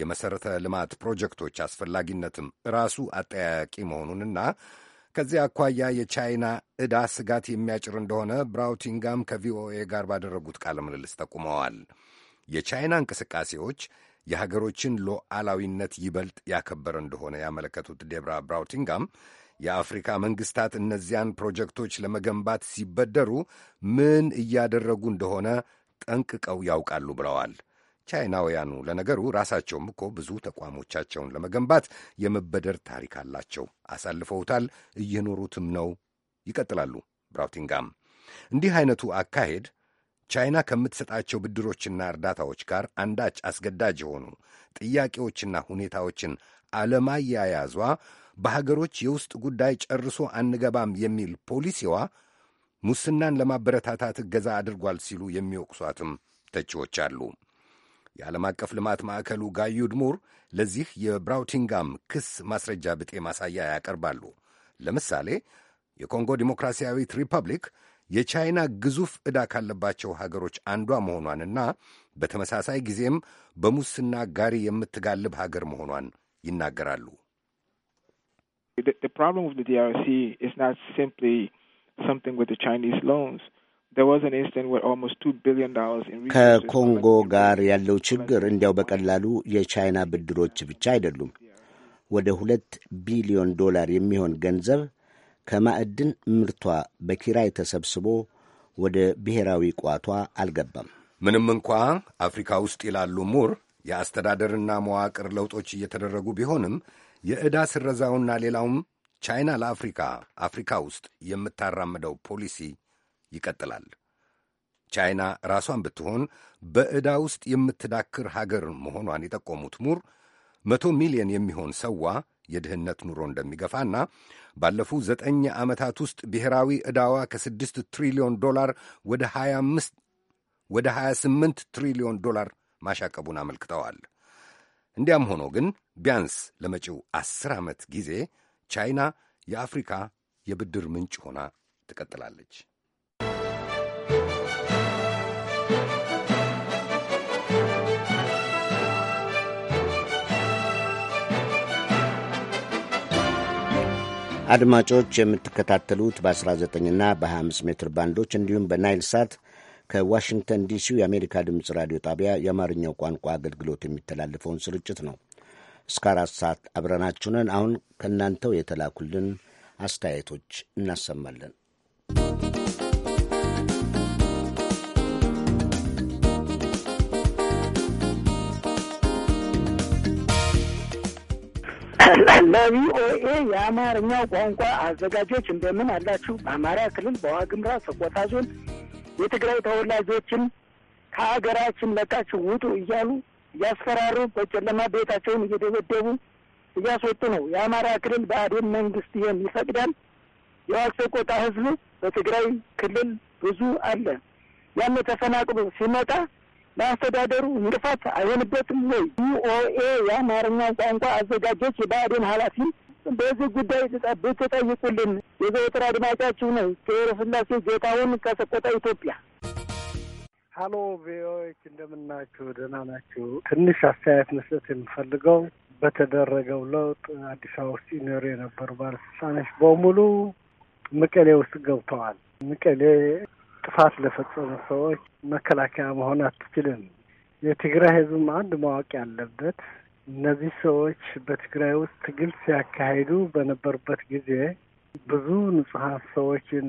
የመሠረተ ልማት ፕሮጀክቶች አስፈላጊነትም ራሱ አጠያያቂ መሆኑንና ከዚያ አኳያ የቻይና ዕዳ ስጋት የሚያጭር እንደሆነ ብራውቲንጋም ከቪኦኤ ጋር ባደረጉት ቃለ ምልልስ ጠቁመዋል። የቻይና እንቅስቃሴዎች የሀገሮችን ሉዓላዊነት ይበልጥ ያከበረ እንደሆነ ያመለከቱት ዴብራ ብራውቲንጋም የአፍሪካ መንግስታት እነዚያን ፕሮጀክቶች ለመገንባት ሲበደሩ ምን እያደረጉ እንደሆነ ጠንቅቀው ያውቃሉ ብለዋል። ቻይናውያኑ ለነገሩ ራሳቸውም እኮ ብዙ ተቋሞቻቸውን ለመገንባት የመበደር ታሪክ አላቸው። አሳልፈውታል፣ እየኖሩትም ነው። ይቀጥላሉ ብራውቲንጋም። እንዲህ አይነቱ አካሄድ ቻይና ከምትሰጣቸው ብድሮችና እርዳታዎች ጋር አንዳች አስገዳጅ የሆኑ ጥያቄዎችና ሁኔታዎችን አለማያያዟ በሀገሮች የውስጥ ጉዳይ ጨርሶ አንገባም የሚል ፖሊሲዋ ሙስናን ለማበረታታት እገዛ አድርጓል ሲሉ የሚወቅሷትም ተቺዎች አሉ። የዓለም አቀፍ ልማት ማዕከሉ ጋዩድ ሙር ለዚህ የብራውቲንጋም ክስ ማስረጃ ብጤ ማሳያ ያቀርባሉ። ለምሳሌ የኮንጎ ዲሞክራሲያዊት ሪፐብሊክ የቻይና ግዙፍ ዕዳ ካለባቸው ሀገሮች አንዷ መሆኗንና በተመሳሳይ ጊዜም በሙስና ጋሪ የምትጋልብ ሀገር መሆኗን ይናገራሉ። ከኮንጎ ጋር ያለው ችግር እንዲያው በቀላሉ የቻይና ብድሮች ብቻ አይደሉም። ወደ ሁለት ቢሊዮን ዶላር የሚሆን ገንዘብ ከማዕድን ምርቷ በኪራይ ተሰብስቦ ወደ ብሔራዊ ቋቷ አልገባም። ምንም እንኳ አፍሪካ ውስጥ ይላሉ ሙር የአስተዳደርና መዋቅር ለውጦች እየተደረጉ ቢሆንም የዕዳ ስረዛውና ሌላውም ቻይና ለአፍሪካ አፍሪካ ውስጥ የምታራምደው ፖሊሲ ይቀጥላል። ቻይና ራሷን ብትሆን በዕዳ ውስጥ የምትዳክር ሀገር መሆኗን የጠቆሙት ሙር መቶ ሚሊዮን የሚሆን ሰዋ የድህነት ኑሮ እንደሚገፋና ባለፉ ዘጠኝ ዓመታት ውስጥ ብሔራዊ ዕዳዋ ከስድስት ትሪሊዮን ዶላር ወደ 25 ወደ 28 ትሪሊዮን ዶላር ማሻቀቡን አመልክተዋል። እንዲያም ሆኖ ግን ቢያንስ ለመጪው አስር ዓመት ጊዜ ቻይና የአፍሪካ የብድር ምንጭ ሆና ትቀጥላለች። አድማጮች የምትከታተሉት በ19ና በ25 ሜትር ባንዶች እንዲሁም በናይል ሳት ከዋሽንግተን ዲሲው የአሜሪካ ድምፅ ራዲዮ ጣቢያ የአማርኛው ቋንቋ አገልግሎት የሚተላለፈውን ስርጭት ነው። እስከ አራት ሰዓት አብረናችሁ ነን። አሁን ከእናንተው የተላኩልን አስተያየቶች እናሰማለን። ለቪኦኤ የአማርኛ ቋንቋ አዘጋጆች እንደምን አላችሁ? በአማራ ክልል በዋግምራ ሰቆጣ ዞን የትግራይ ተወላጆችን ከሀገራችን ለቃችሁ ውጡ እያሉ እያስፈራሩ በጨለማ ቤታቸውን እየደበደቡ እያስወጡ ነው። የአማራ ክልል ብአዴን መንግስት ይህን ይፈቅዳል? የዋግ ሰቆጣ ህዝብ በትግራይ ክልል ብዙ አለ። ያን ተፈናቅሎ ሲመጣ ለአስተዳደሩ እንቅፋት አይሆንበትም ወይ? ዩኦኤ የአማርኛ ቋንቋ አዘጋጆች የባህዴን ኃላፊ በዚህ ጉዳይ ብትጠይቁልን። የዘወትር አድማጫችሁ ነው ገብረ ስላሴ ጌታሁን ከሰቆጣ ኢትዮጵያ። ሀሎ ቪኦኤዎች እንደምናችሁ፣ ደህና ናችሁ? ትንሽ አስተያየት መስጠት የምፈልገው በተደረገው ለውጥ አዲስ አበባ ውስጥ ይኖሩ የነበሩ ባለስልጣኖች በሙሉ መቀሌ ውስጥ ገብተዋል። መቀሌ ጥፋት ለፈጸሙ ሰዎች መከላከያ መሆን አትችልም። የትግራይ ህዝብም አንድ ማወቅ ያለበት እነዚህ ሰዎች በትግራይ ውስጥ ትግል ሲያካሂዱ በነበሩበት ጊዜ ብዙ ንጹሐን ሰዎችን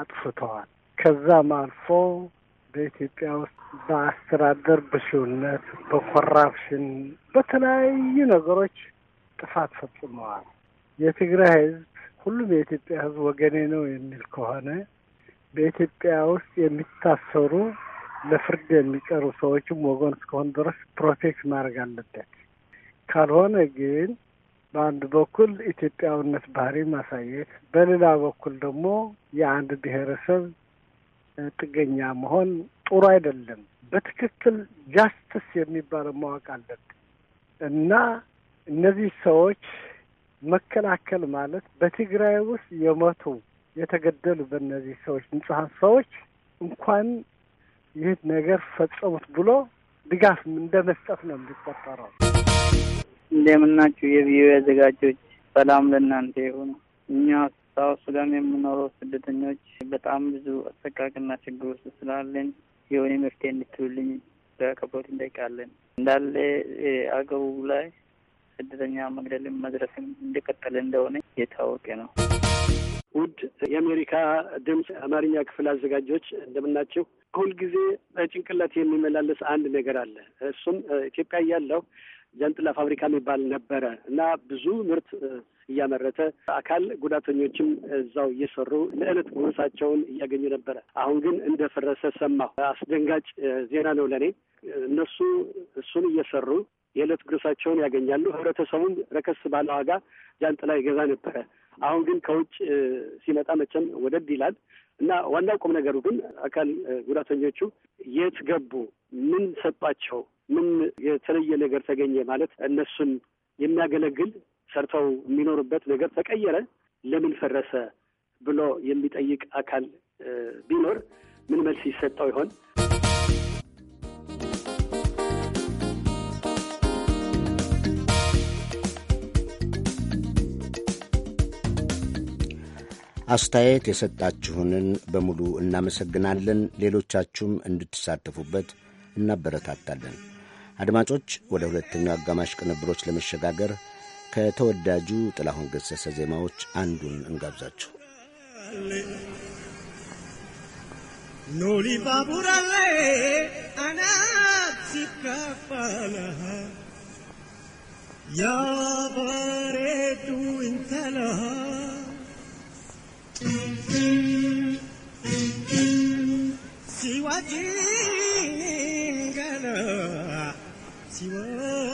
አጥፍተዋል። ከዛም አልፎ በኢትዮጵያ ውስጥ በአስተዳደር ብሽውነት በኮራፕሽን፣ በተለያዩ ነገሮች ጥፋት ፈጽመዋል። የትግራይ ህዝብ ሁሉም የኢትዮጵያ ህዝብ ወገኔ ነው የሚል ከሆነ በኢትዮጵያ ውስጥ የሚታሰሩ ለፍርድ የሚቀሩ ሰዎችም ወገን እስከሆን ድረስ ፕሮቴክት ማድረግ አለበት። ካልሆነ ግን በአንድ በኩል ኢትዮጵያዊነት ባህሪ ማሳየት፣ በሌላ በኩል ደግሞ የአንድ ብሔረሰብ ጥገኛ መሆን ጥሩ አይደለም። በትክክል ጃስትስ የሚባለው ማወቅ አለብን እና እነዚህ ሰዎች መከላከል ማለት በትግራይ ውስጥ የሞቱ የተገደሉ በእነዚህ ሰዎች ንጹሐን ሰዎች እንኳን ይህ ነገር ፈጸሙት ብሎ ድጋፍ እንደ መስጠት ነው የሚቆጠረው። እንደምናችሁ የቪዮ አዘጋጆች፣ ሰላም ለእናንተ ይሁን። እኛ ሳው ሱዳን የምኖረው ስደተኞች በጣም ብዙ አሰቃቅና ችግር ውስጥ ስላለን የሆነ መፍትሄ እንድትሉልኝ በከቦት እንጠይቃለን። እንዳለ አገቡ ላይ ስደተኛ መግደልን መድረስን እንደቀጠለ እንደሆነ የታወቀ ነው። ውድ የአሜሪካ ድምፅ አማርኛ ክፍል አዘጋጆች እንደምናቸው። ሁልጊዜ በጭንቅላት የሚመላለስ አንድ ነገር አለ። እሱም ኢትዮጵያ እያለሁ ጃንጥላ ፋብሪካ የሚባል ነበረ እና ብዙ ምርት እያመረተ አካል ጉዳተኞችም እዛው እየሰሩ ለዕለት ጉርሳቸውን እያገኙ ነበረ። አሁን ግን እንደፈረሰ ሰማሁ። አስደንጋጭ ዜና ነው ለእኔ። እነሱ እሱን እየሰሩ የዕለት ጉርሳቸውን ያገኛሉ። ህብረተሰቡም ረከስ ባለ ዋጋ ጃንጥላ ይገዛ ነበረ። አሁን ግን ከውጭ ሲመጣ መቼም ወደድ ይላል እና ዋናው ቁም ነገሩ ግን አካል ጉዳተኞቹ የት ገቡ፣ ምን ሰጧቸው፣ ምን የተለየ ነገር ተገኘ ማለት እነሱን የሚያገለግል ሰርተው የሚኖሩበት ነገር ተቀየረ፣ ለምን ፈረሰ ብሎ የሚጠይቅ አካል ቢኖር ምን መልስ ይሰጠው ይሆን? አስተያየት የሰጣችሁንን በሙሉ እናመሰግናለን። ሌሎቻችሁም እንድትሳተፉበት እናበረታታለን። አድማጮች፣ ወደ ሁለተኛው አጋማሽ ቅንብሮች ለመሸጋገር ከተወዳጁ ጥላሁን ገሰሰ ዜማዎች አንዱን እንጋብዛችሁ። ኖሊ እንተለሃ शिवाजी Shiv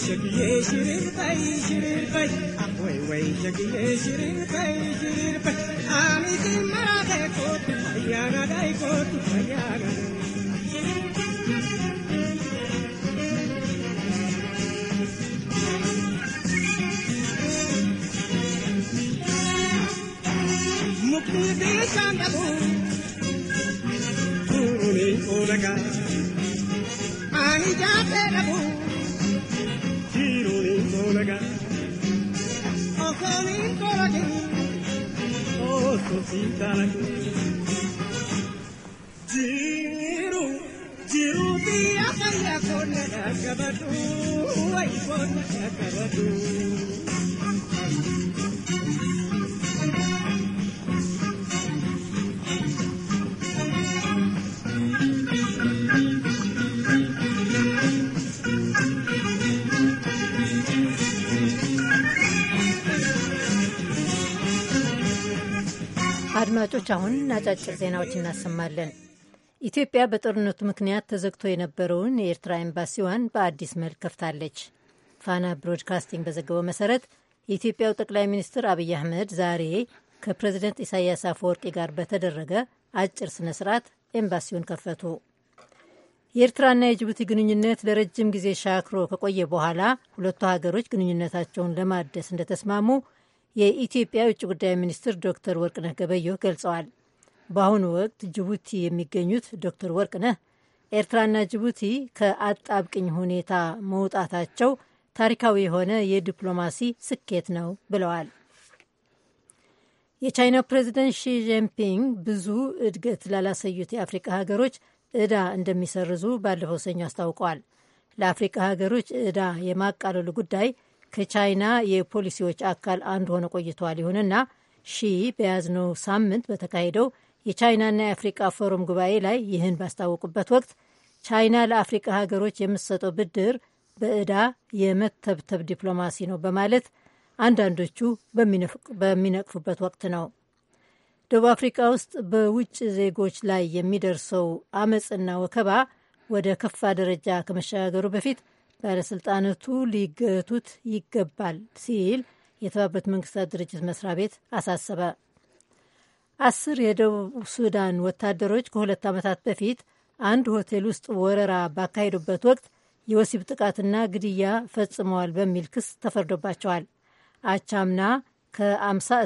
shaggy, shaggy, shaggy, shaggy, way, way, shaggy, shaggy, shaggy, shaggy, I'm eating my day coat, Mariana day coat, Mariana. Mukti de Sandabo. Sita Lakshmi. አድማጮች፣ አሁን አጫጭር ዜናዎች እናሰማለን። ኢትዮጵያ በጦርነቱ ምክንያት ተዘግቶ የነበረውን የኤርትራ ኤምባሲዋን በአዲስ መልክ ከፍታለች። ፋና ብሮድካስቲንግ በዘገበው መሰረት የኢትዮጵያው ጠቅላይ ሚኒስትር አብይ አህመድ ዛሬ ከፕሬዚደንት ኢሳያስ አፈወርቂ ጋር በተደረገ አጭር ስነ ስርዓት ኤምባሲውን ከፈቱ። የኤርትራና የጅቡቲ ግንኙነት ለረጅም ጊዜ ሻክሮ ከቆየ በኋላ ሁለቱ ሀገሮች ግንኙነታቸውን ለማደስ እንደተስማሙ የኢትዮጵያ የውጭ ጉዳይ ሚኒስትር ዶክተር ወርቅነህ ገበየሁ ገልጸዋል። በአሁኑ ወቅት ጅቡቲ የሚገኙት ዶክተር ወርቅነህ ኤርትራና ጅቡቲ ከአጣብቅኝ ሁኔታ መውጣታቸው ታሪካዊ የሆነ የዲፕሎማሲ ስኬት ነው ብለዋል። የቻይና ፕሬዚደንት ሺ ጂንፒንግ ብዙ እድገት ላላሳዩት የአፍሪቃ ሀገሮች ዕዳ እንደሚሰርዙ ባለፈው ሰኞ አስታውቀዋል። ለአፍሪቃ ሀገሮች ዕዳ የማቃለሉ ጉዳይ ከቻይና የፖሊሲዎች አካል አንዱ ሆነ ቆይተዋል። ይሁንና ሺ በያዝነው ሳምንት በተካሄደው የቻይናና የአፍሪቃ ፎረም ጉባኤ ላይ ይህን ባስታወቁበት ወቅት ቻይና ለአፍሪቃ ሀገሮች የምትሰጠው ብድር በእዳ የመተብተብ ዲፕሎማሲ ነው በማለት አንዳንዶቹ በሚነቅፉበት ወቅት ነው። ደቡብ አፍሪካ ውስጥ በውጭ ዜጎች ላይ የሚደርሰው አመፅና ወከባ ወደ ከፋ ደረጃ ከመሸጋገሩ በፊት ባለሥልጣናቱ ሊገቱት ይገባል ሲል የተባበሩት መንግስታት ድርጅት መስሪያ ቤት አሳሰበ። አስር የደቡብ ሱዳን ወታደሮች ከሁለት ዓመታት በፊት አንድ ሆቴል ውስጥ ወረራ ባካሄዱበት ወቅት የወሲብ ጥቃትና ግድያ ፈጽመዋል በሚል ክስ ተፈርዶባቸዋል። አቻምና ከ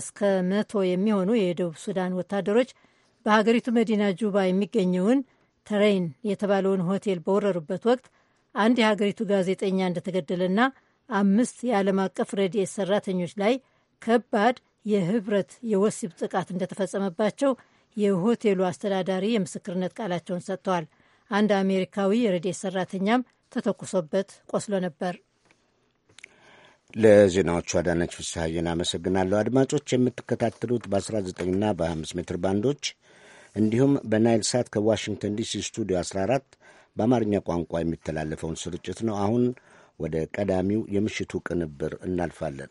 እስከ መቶ የሚሆኑ የደቡብ ሱዳን ወታደሮች በሀገሪቱ መዲና ጁባ የሚገኘውን ተሬይን የተባለውን ሆቴል በወረሩበት ወቅት አንድ የሀገሪቱ ጋዜጠኛ እንደተገደለና አምስት የዓለም አቀፍ ረድኤት ሰራተኞች ላይ ከባድ የህብረት የወሲብ ጥቃት እንደተፈጸመባቸው የሆቴሉ አስተዳዳሪ የምስክርነት ቃላቸውን ሰጥተዋል። አንድ አሜሪካዊ የረድኤት ሰራተኛም ተተኩሶበት ቆስሎ ነበር። ለዜናዎቹ አዳነች ፍስሐዬን አመሰግናለሁ። አድማጮች የምትከታተሉት በ19ና በ 5 ሜትር ባንዶች እንዲሁም በናይል ሳት ከዋሽንግተን ዲሲ ስቱዲዮ 14 በአማርኛ ቋንቋ የሚተላለፈውን ስርጭት ነው። አሁን ወደ ቀዳሚው የምሽቱ ቅንብር እናልፋለን።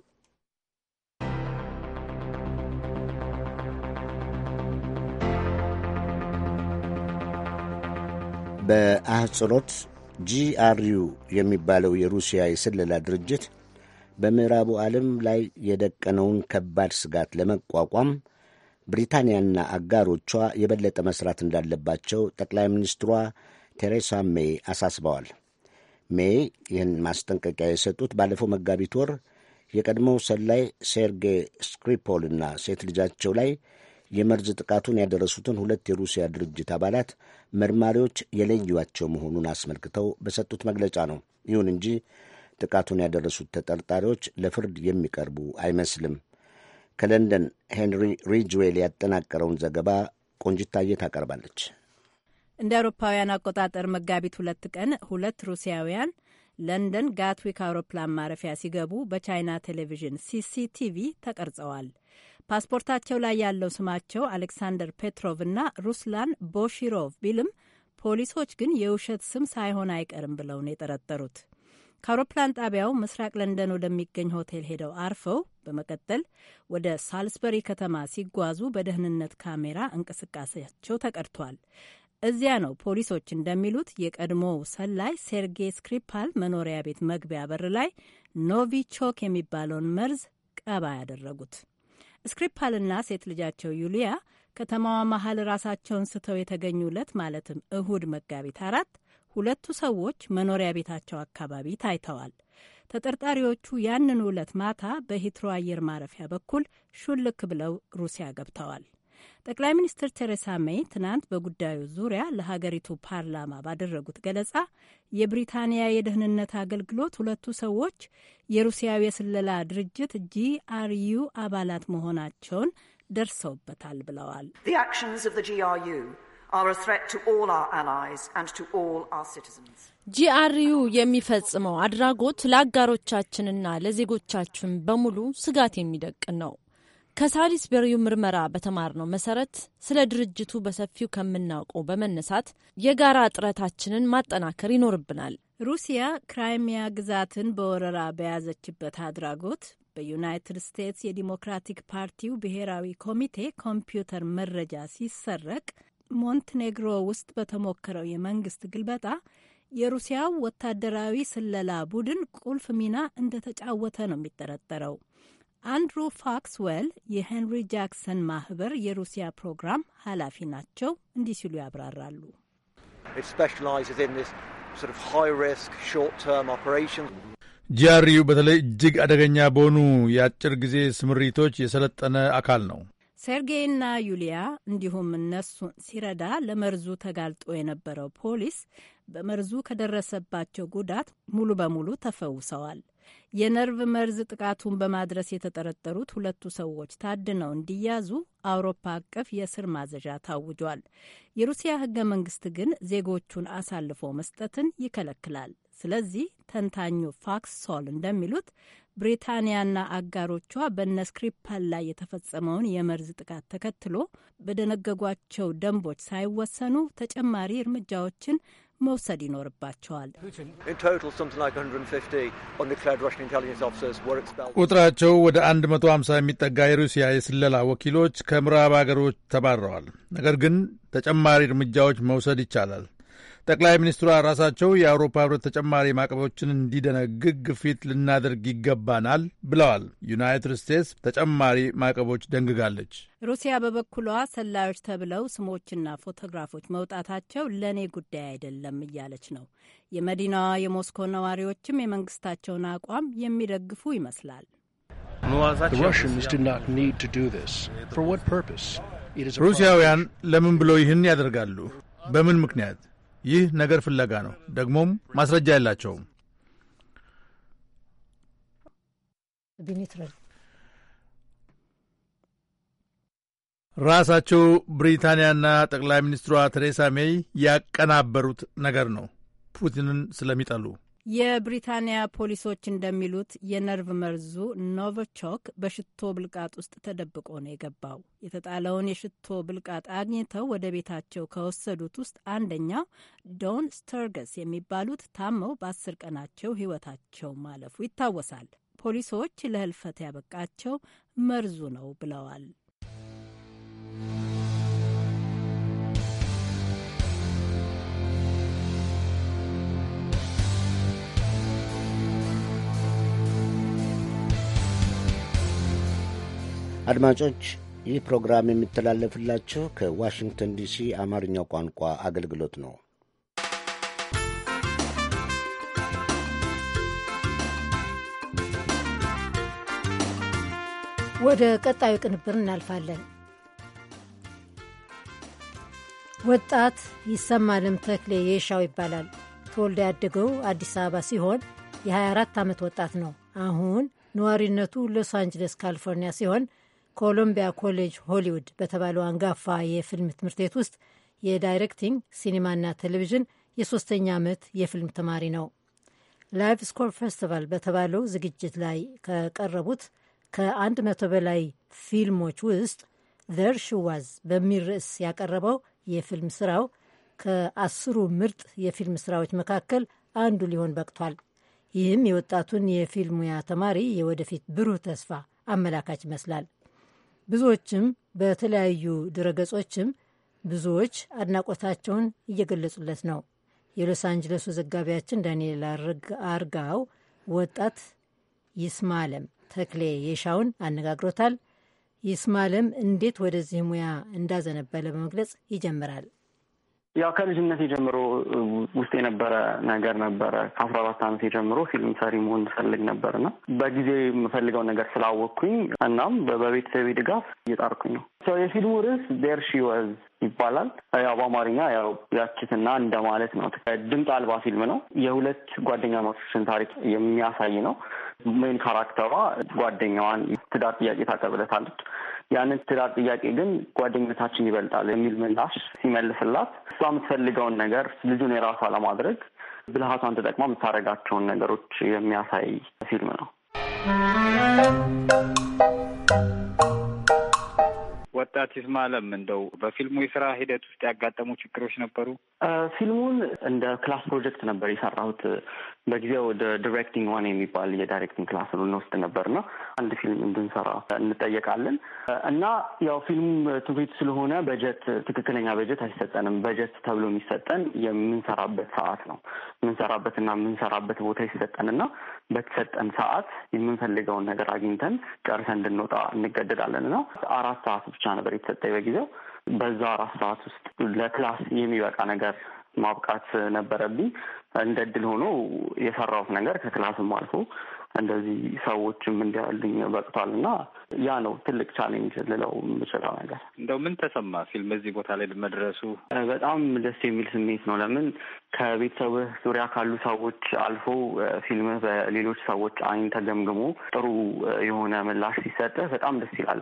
በአህጽሮት ጂአርዩ የሚባለው የሩሲያ የስለላ ድርጅት በምዕራቡ ዓለም ላይ የደቀነውን ከባድ ስጋት ለመቋቋም ብሪታንያና አጋሮቿ የበለጠ መስራት እንዳለባቸው ጠቅላይ ሚኒስትሯ ቴሬሳ ሜይ አሳስበዋል። ሜይ ይህን ማስጠንቀቂያ የሰጡት ባለፈው መጋቢት ወር የቀድሞው ሰላይ ሴርጌ ስክሪፖል እና ሴት ልጃቸው ላይ የመርዝ ጥቃቱን ያደረሱትን ሁለት የሩሲያ ድርጅት አባላት መርማሪዎች የለዩቸው መሆኑን አስመልክተው በሰጡት መግለጫ ነው። ይሁን እንጂ ጥቃቱን ያደረሱት ተጠርጣሪዎች ለፍርድ የሚቀርቡ አይመስልም። ከለንደን ሄንሪ ሪጅዌል ያጠናቀረውን ዘገባ ቆንጅታየት ታቀርባለች። እንደ አውሮፓውያን አቆጣጠር መጋቢት ሁለት ቀን ሁለት ሩሲያውያን ለንደን ጋትዊክ አውሮፕላን ማረፊያ ሲገቡ በቻይና ቴሌቪዥን ሲሲቲቪ ተቀርጸዋል። ፓስፖርታቸው ላይ ያለው ስማቸው አሌክሳንደር ፔትሮቭ እና ሩስላን ቦሺሮቭ ቢልም ፖሊሶች ግን የውሸት ስም ሳይሆን አይቀርም ብለው ነው የጠረጠሩት። ከአውሮፕላን ጣቢያው ምስራቅ ለንደን ወደሚገኝ ሆቴል ሄደው አርፈው በመቀጠል ወደ ሳልስበሪ ከተማ ሲጓዙ በደህንነት ካሜራ እንቅስቃሴያቸው ተቀድቷል። እዚያ ነው ፖሊሶች እንደሚሉት የቀድሞው ሰላይ ሴርጌይ ስክሪፓል መኖሪያ ቤት መግቢያ በር ላይ ኖቪቾክ የሚባለውን መርዝ ቀባ ያደረጉት። ስክሪፓልና ሴት ልጃቸው ዩሊያ ከተማዋ መሀል ራሳቸውን ስተው የተገኙ ማለትም እሁድ መጋቢት አራት ሁለቱ ሰዎች መኖሪያ ቤታቸው አካባቢ ታይተዋል። ተጠርጣሪዎቹ ያንን ዕለት ማታ በሂትሮ አየር ማረፊያ በኩል ሹልክ ብለው ሩሲያ ገብተዋል። ጠቅላይ ሚኒስትር ቴሬሳ ሜይ ትናንት በጉዳዩ ዙሪያ ለሀገሪቱ ፓርላማ ባደረጉት ገለጻ የብሪታንያ የደህንነት አገልግሎት ሁለቱ ሰዎች የሩሲያዊ የስለላ ድርጅት ጂአርዩ አባላት መሆናቸውን ደርሰውበታል ብለዋል። ጂአርዩ የሚፈጽመው አድራጎት ለአጋሮቻችንና ለዜጎቻችን በሙሉ ስጋት የሚደቅን ነው። ከሳሊስበሪው ምርመራ በተማርነው መሰረት ስለ ድርጅቱ በሰፊው ከምናውቀው በመነሳት የጋራ ጥረታችንን ማጠናከር ይኖርብናል። ሩሲያ ክራይሚያ ግዛትን በወረራ በያዘችበት አድራጎት በዩናይትድ ስቴትስ የዲሞክራቲክ ፓርቲው ብሔራዊ ኮሚቴ ኮምፒውተር መረጃ ሲሰረቅ፣ ሞንቴኔግሮ ውስጥ በተሞከረው የመንግስት ግልበጣ የሩሲያው ወታደራዊ ስለላ ቡድን ቁልፍ ሚና እንደተጫወተ ነው የሚጠረጠረው። አንድሩ ፋክስዌል የሄንሪ ጃክሰን ማህበር የሩሲያ ፕሮግራም ኃላፊ ናቸው። እንዲህ ሲሉ ያብራራሉ። ጂአርዩ በተለይ እጅግ አደገኛ በሆኑ የአጭር ጊዜ ስምሪቶች የሰለጠነ አካል ነው። ሴርጌይና ዩሊያ እንዲሁም እነሱን ሲረዳ ለመርዙ ተጋልጦ የነበረው ፖሊስ በመርዙ ከደረሰባቸው ጉዳት ሙሉ በሙሉ ተፈውሰዋል። የነርቭ መርዝ ጥቃቱን በማድረስ የተጠረጠሩት ሁለቱ ሰዎች ታድነው እንዲያዙ አውሮፓ አቀፍ የእስር ማዘዣ ታውጇል። የሩሲያ ህገ መንግስት ግን ዜጎቹን አሳልፎ መስጠትን ይከለክላል። ስለዚህ ተንታኙ ፋክስ ሶል እንደሚሉት ብሪታንያና አጋሮቿ በነስክሪፓል ላይ የተፈጸመውን የመርዝ ጥቃት ተከትሎ በደነገጓቸው ደንቦች ሳይወሰኑ ተጨማሪ እርምጃዎችን መውሰድ ይኖርባቸዋል። ቁጥራቸው ወደ 150 የሚጠጋ የሩሲያ የስለላ ወኪሎች ከምዕራብ አገሮች ተባረዋል። ነገር ግን ተጨማሪ እርምጃዎች መውሰድ ይቻላል። ጠቅላይ ሚኒስትሯ ራሳቸው የአውሮፓ ህብረት ተጨማሪ ማዕቀቦችን እንዲደነግግ ግፊት ልናደርግ ይገባናል ብለዋል። ዩናይትድ ስቴትስ ተጨማሪ ማዕቀቦች ደንግጋለች። ሩሲያ በበኩሏ ሰላዮች ተብለው ስሞችና ፎቶግራፎች መውጣታቸው ለእኔ ጉዳይ አይደለም እያለች ነው። የመዲናዋ የሞስኮ ነዋሪዎችም የመንግስታቸውን አቋም የሚደግፉ ይመስላል። ሩሲያውያን ለምን ብለው ይህን ያደርጋሉ? በምን ምክንያት? ይህ ነገር ፍለጋ ነው። ደግሞም ማስረጃ የላቸውም። ራሳቸው ብሪታንያና ጠቅላይ ሚኒስትሯ ቴሬሳ ሜይ ያቀናበሩት ነገር ነው ፑቲንን ስለሚጠሉ የብሪታንያ ፖሊሶች እንደሚሉት የነርቭ መርዙ ኖቮቾክ በሽቶ ብልቃጥ ውስጥ ተደብቆ ነው የገባው። የተጣለውን የሽቶ ብልቃጥ አግኝተው ወደ ቤታቸው ከወሰዱት ውስጥ አንደኛው ዶን ስተርገስ የሚባሉት ታመው በአስር ቀናቸው ሕይወታቸው ማለፉ ይታወሳል። ፖሊሶች ለህልፈት ያበቃቸው መርዙ ነው ብለዋል። አድማጮች ይህ ፕሮግራም የሚተላለፍላችሁ ከዋሽንግተን ዲሲ አማርኛው ቋንቋ አገልግሎት ነው። ወደ ቀጣዩ ቅንብር እናልፋለን። ወጣት ይሰማልም ተክሌ የሻው ይባላል። ተወልዶ ያደገው አዲስ አበባ ሲሆን የ24 ዓመት ወጣት ነው። አሁን ነዋሪነቱ ሎስ አንጅለስ ካሊፎርኒያ ሲሆን ኮሎምቢያ ኮሌጅ ሆሊውድ በተባለው አንጋፋ የፊልም ትምህርት ቤት ውስጥ የዳይሬክቲንግ ሲኒማና ቴሌቪዥን የሶስተኛ ዓመት የፊልም ተማሪ ነው። ላይቭ ስኮር ፌስቲቫል በተባለው ዝግጅት ላይ ከቀረቡት ከአንድ መቶ በላይ ፊልሞች ውስጥ ዘር ሽዋዝ በሚል ርዕስ ያቀረበው የፊልም ስራው ከአስሩ ምርጥ የፊልም ስራዎች መካከል አንዱ ሊሆን በቅቷል። ይህም የወጣቱን የፊልም ሙያ ተማሪ የወደፊት ብሩህ ተስፋ አመላካች ይመስላል። ብዙዎችም በተለያዩ ድረገጾችም ብዙዎች አድናቆታቸውን እየገለጹለት ነው። የሎስ አንጅለሱ ዘጋቢያችን ዳንኤል አርጋው ወጣት ይስማለም ተክሌ የሻውን አነጋግሮታል። ይስማለም እንዴት ወደዚህ ሙያ እንዳዘነበለ በመግለጽ ይጀምራል። ያው ከልጅነት ጀምሮ ውስጥ የነበረ ነገር ነበረ። ከአስራ አራት ዓመት ጀምሮ ፊልም ሰሪ መሆን ፈልግ ነበር እና በጊዜ የምፈልገው ነገር ስላወቅኩኝ እናም በቤተሰቤ ድጋፍ እየጣርኩኝ ነው። የፊልሙ ርዕስ ዴር ሺ ወዝ ይባላል። ያው በአማርኛ ያው ያችትና እንደ ማለት ነው። ድምፅ አልባ ፊልም ነው። የሁለት ጓደኛ ማቾችን ታሪክ የሚያሳይ ነው። ሜን ካራክተሯ ጓደኛዋን ትዳር ጥያቄ ታቀርብለታለች። ያንን ትዳር ጥያቄ ግን ጓደኝነታችን ይበልጣል የሚል ምላሽ ሲመልስላት እሷ የምትፈልገውን ነገር ልጁን የራሷ ለማድረግ ብልሃቷን ተጠቅማ የምታደርጋቸውን ነገሮች የሚያሳይ ፊልም ነው። ወጣት ይስማለም፣ እንደው በፊልሙ የስራ ሂደት ውስጥ ያጋጠሙ ችግሮች ነበሩ? ፊልሙን እንደ ክላስ ፕሮጀክት ነበር የሰራሁት። በጊዜው ዲሬክቲንግ ዋን የሚባል የዳይሬክቲንግ ክላስ ነበር ነበርና አንድ ፊልም እንድንሰራ እንጠየቃለን እና ያው ፊልም ትምህርት ስለሆነ በጀት ትክክለኛ በጀት አይሰጠንም። በጀት ተብሎ የሚሰጠን የምንሰራበት ሰዓት ነው። የምንሰራበት እና የምንሰራበት ቦታ ይሰጠን ይሰጠንና በተሰጠን ሰዓት የምንፈልገውን ነገር አግኝተን ጨርሰን እንድንወጣ እንገደዳለን። ነው አራት ሰዓት ብቻ ነበር የተሰጠኝ በጊዜው በዛ አራት ሰዓት ውስጥ ለክላስ የሚበቃ ነገር ማብቃት ነበረብኝ። እንደ እድል ሆኖ የሰራሁት ነገር ከክላስም አልፎ እንደዚህ ሰዎችም እንዲያሉኝ በቅቷል እና ያ ነው ትልቅ ቻሌንጅ ልለው የምችለው ነገር። እንደው ምን ተሰማ ፊልም እዚህ ቦታ ላይ መድረሱ? በጣም ደስ የሚል ስሜት ነው። ለምን ከቤተሰብህ ዙሪያ ካሉ ሰዎች አልፎ ፊልምህ በሌሎች ሰዎች አይን ተገምግሞ ጥሩ የሆነ ምላሽ ሲሰጥህ በጣም ደስ ይላል።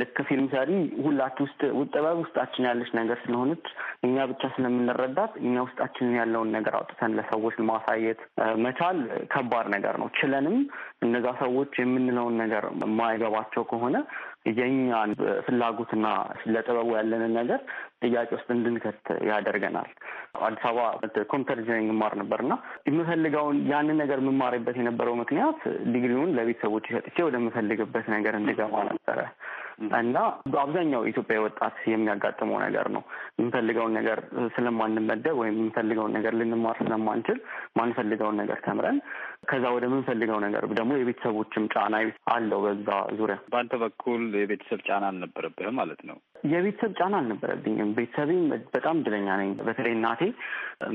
ልክ ፊልም ሰሪ ሁላት ውስጥ ጥበብ ውስጣችን ያለች ነገር ስለሆነች እኛ ብቻ ስለምንረዳት እኛ ውስጣችንን ያለውን ነገር አውጥተን ለሰዎች ማሳየት መቻል ከባድ ነገር ነው። ችለንም እነዛ ሰዎች የምንለውን ነገር የማይገባቸው ከሆነ የእኛን ፍላጎትና ለጥበቡ ያለንን ነገር ጥያቄ ውስጥ እንድንከት ያደርገናል። አዲስ አበባ ኮምፒውተር ኢንጂነሪንግ እማር ነበር የምፈልገውን ያንን ነገር የምማርበት የነበረው ምክንያት ዲግሪውን ለቤተሰቦች ሰጥቼ ወደምፈልግበት ነገር እንድገባ ነበረ። እና በአብዛኛው ኢትዮጵያ ወጣት የሚያጋጥመው ነገር ነው። የምንፈልገውን ነገር ስለማንመደብ ወይም የምንፈልገውን ነገር ልንማር ስለማንችል ማንፈልገውን ነገር ተምረን ከዛ ወደ ምንፈልገው ነገር ደግሞ የቤተሰቦችም ጫና አለው። በዛ ዙሪያ በአንተ በኩል የቤተሰብ ጫና አልነበረብህም ማለት ነው? የቤተሰብ ጫና አልነበረብኝም። ቤተሰቤም በጣም እድለኛ ነኝ። በተለይ እናቴ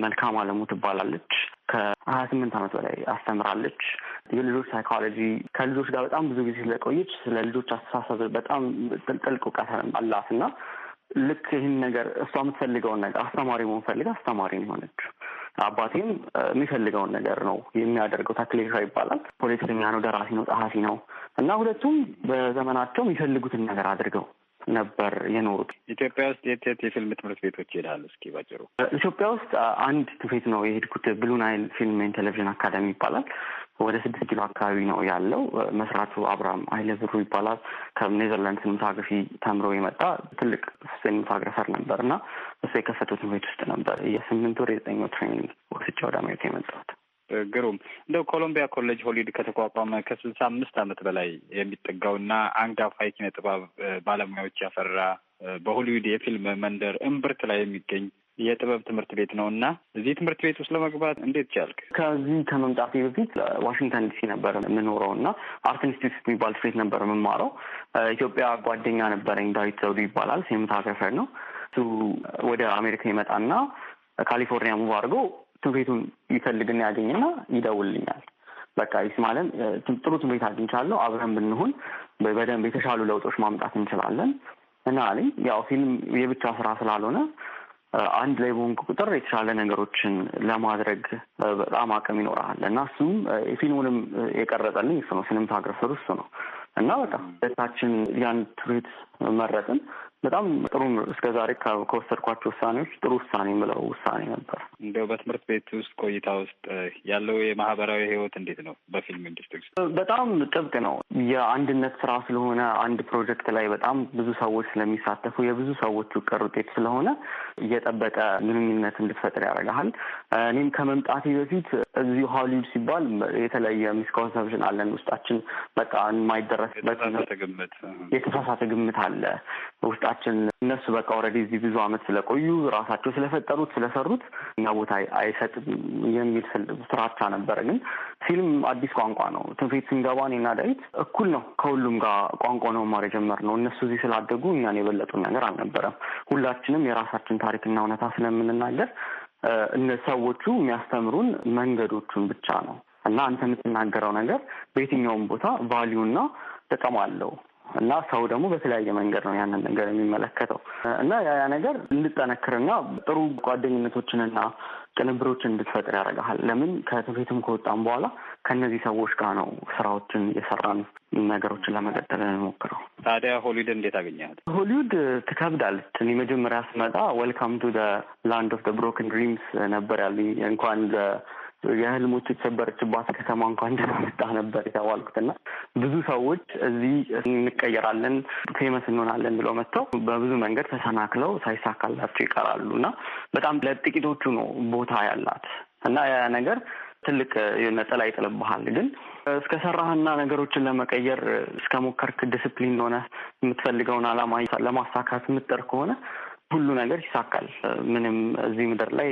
መልካም አለሙ ትባላለች። ከሀያ ስምንት ዓመት በላይ አስተምራለች። የልጆች ሳይኮሎጂ ከልጆች ጋር በጣም ብዙ ጊዜ ስለቆየች ስለ ልጆች አስተሳሰብ በጣም ጥልቅ እውቀት አላት እና ልክ ይህን ነገር እሷ የምትፈልገውን ነገር አስተማሪ መሆን ፈልግ አስተማሪ የሆነች አባቴም የሚፈልገውን ነገር ነው የሚያደርገው። ተክሌሻ ይባላል። ፖለቲከኛ ነው፣ ደራሲ ነው፣ ጸሐፊ ነው እና ሁለቱም በዘመናቸው የሚፈልጉትን ነገር አድርገው ነበር የኖሩት። ኢትዮጵያ ውስጥ የት የት የፊልም ትምህርት ቤቶች ይሄዳሉ? እስኪ ባጭሩ። ኢትዮጵያ ውስጥ አንድ ትፌት ነው የሄድኩት፣ ብሉ ናይል ፊልም ኤንድ ቴሌቪዥን አካዳሚ ይባላል። ወደ ስድስት ኪሎ አካባቢ ነው ያለው። መስራቹ አብርሃም ኃይለ ብሩ ይባላል። ከኔዘርላንድ ሲኒማቶግራፊ ተምሮ የመጣ ትልቅ ሲኒማቶግራፈር ነበር እና እሱ የከፈቱት ቤት ውስጥ ነበር የስምንት ወር የዘጠኝ ወር ትሬኒንግ ወስጄ ወደ አሜሪካ የመጣሁት። ግሩም እንደው ኮሎምቢያ ኮሌጅ ሆሊድ ከተቋቋመ ከስልሳ አምስት ዓመት በላይ የሚጠጋውና አንጋፋ የኪነ ጥበብ ባለሙያዎች ያፈራ በሆሊውድ የፊልም መንደር እምብርት ላይ የሚገኝ የጥበብ ትምህርት ቤት ነው እና እዚህ ትምህርት ቤት ውስጥ ለመግባት እንዴት ቻልክ? ከዚህ ከመምጣቴ በፊት ዋሽንግተን ዲሲ ነበር የምኖረው እና አርት ኢንስቲትዩት የሚባል ትሬት ነበር የምማረው። ኢትዮጵያ ጓደኛ ነበረኝ ዳዊት ዘውዱ ይባላል። ሴምት ሴምታከፈር ነው እሱ ወደ አሜሪካ ይመጣና ካሊፎርኒያ ሙቭ አድርጎ ትምህርት ቤቱን ይፈልግና ያገኝና ይደውልኛል። በቃ ይስማለን፣ ጥሩ ትምህርት ቤት አግኝቻለሁ፣ አብረን ብንሆን በደንብ የተሻሉ ለውጦች ማምጣት እንችላለን እና አለኝ። ያው ፊልም የብቻ ስራ ስላልሆነ አንድ ላይ በሆንክ ቁጥር የተሻለ ነገሮችን ለማድረግ በጣም አቅም ይኖርሃል እና እሱም ፊልሙንም የቀረጸልኝ እሱ ነው። ሲኒማቶግራፈሩ እሱ ነው እና በጣም ሁለታችን ያን ትርኢት መረጥን። በጣም ጥሩ እስከ ዛሬ ከወሰድኳቸው ውሳኔዎች ጥሩ ውሳኔ የምለው ውሳኔ ነበር። እንደው በትምህርት ቤት ውስጥ ቆይታ ውስጥ ያለው የማህበራዊ ህይወት እንዴት ነው? በፊልም ኢንዱስትሪ ውስጥ በጣም ጥብቅ ነው። የአንድነት ስራ ስለሆነ አንድ ፕሮጀክት ላይ በጣም ብዙ ሰዎች ስለሚሳተፉ የብዙ ሰዎች ውቅር ውጤት ስለሆነ እየጠበቀ ግንኙነት እንድትፈጥር ያደርግሃል። እኔም ከመምጣቴ በፊት እዚሁ ሆሊውድ ሲባል የተለየ ሚስኮንሰፕሽን አለን ውስጣችን። በቃ የማይደረስበት የተሳሳተ ግምት አለ ውስጣችን። እነሱ በቃ ኦልሬዲ እዚህ ብዙ አመት ስለቆዩ ራሳቸው ስለፈጠሩት ስለሰሩት እኛ ቦታ አይሰጥም የሚል ፍራቻ ነበረ። ግን ፊልም አዲስ ቋንቋ ነው። ትንፌት ስንገባ እኔና ዳዊት እኩል ነው ከሁሉም ጋር ቋንቋ ነው ማር የጀመርነው። እነሱ እዚህ ስላደጉ እኛን የበለጡ ነገር አልነበረም። ሁላችንም የራሳችን ታሪክና እውነታ ስለምንናገር እነ ሰዎቹ የሚያስተምሩን መንገዶቹን ብቻ ነው እና አንተ የምትናገረው ነገር በየትኛውም ቦታ ቫሊዩና ጥቅም አለው እና ሰው ደግሞ በተለያየ መንገድ ነው ያንን ነገር የሚመለከተው እና ያ ነገር እንድጠነክርና ጥሩ ጓደኝነቶችንና ቅንብሮችን እንድትፈጥር ያደርግሃል። ለምን ከትፌትም ከወጣም በኋላ ከእነዚህ ሰዎች ጋር ነው ስራዎችን የሰራን ነገሮችን ለመቀጠል ሞክረው። ታዲያ ሆሊውድ እንዴት አገኘት? ሆሊውድ ትከብዳለች። እኔ መጀመሪያ ስመጣ ዌልካም ቱ ላንድ ኦፍ ብሮክን ድሪምስ ነበር ያሉኝ እንኳን የህልሞች የተሰበረችባት ከተማ እንኳን ደህና መጣ ነበር የተባልኩትና ብዙ ሰዎች እዚህ እንቀየራለን፣ ፌመስ እንሆናለን ብለው መጥተው በብዙ መንገድ ተሰናክለው ሳይሳካላቸው ይቀራሉ እና በጣም ለጥቂቶቹ ነው ቦታ ያላት እና ያ ነገር ትልቅ ነጠላ ይጥልብሃል ግን እስከ ሰራህና ነገሮችን ለመቀየር እስከ ሞከርክ ዲስፕሊን ሆነ የምትፈልገውን አላማ ለማሳካት የምትጠር ከሆነ ሁሉ ነገር ይሳካል። ምንም እዚህ ምድር ላይ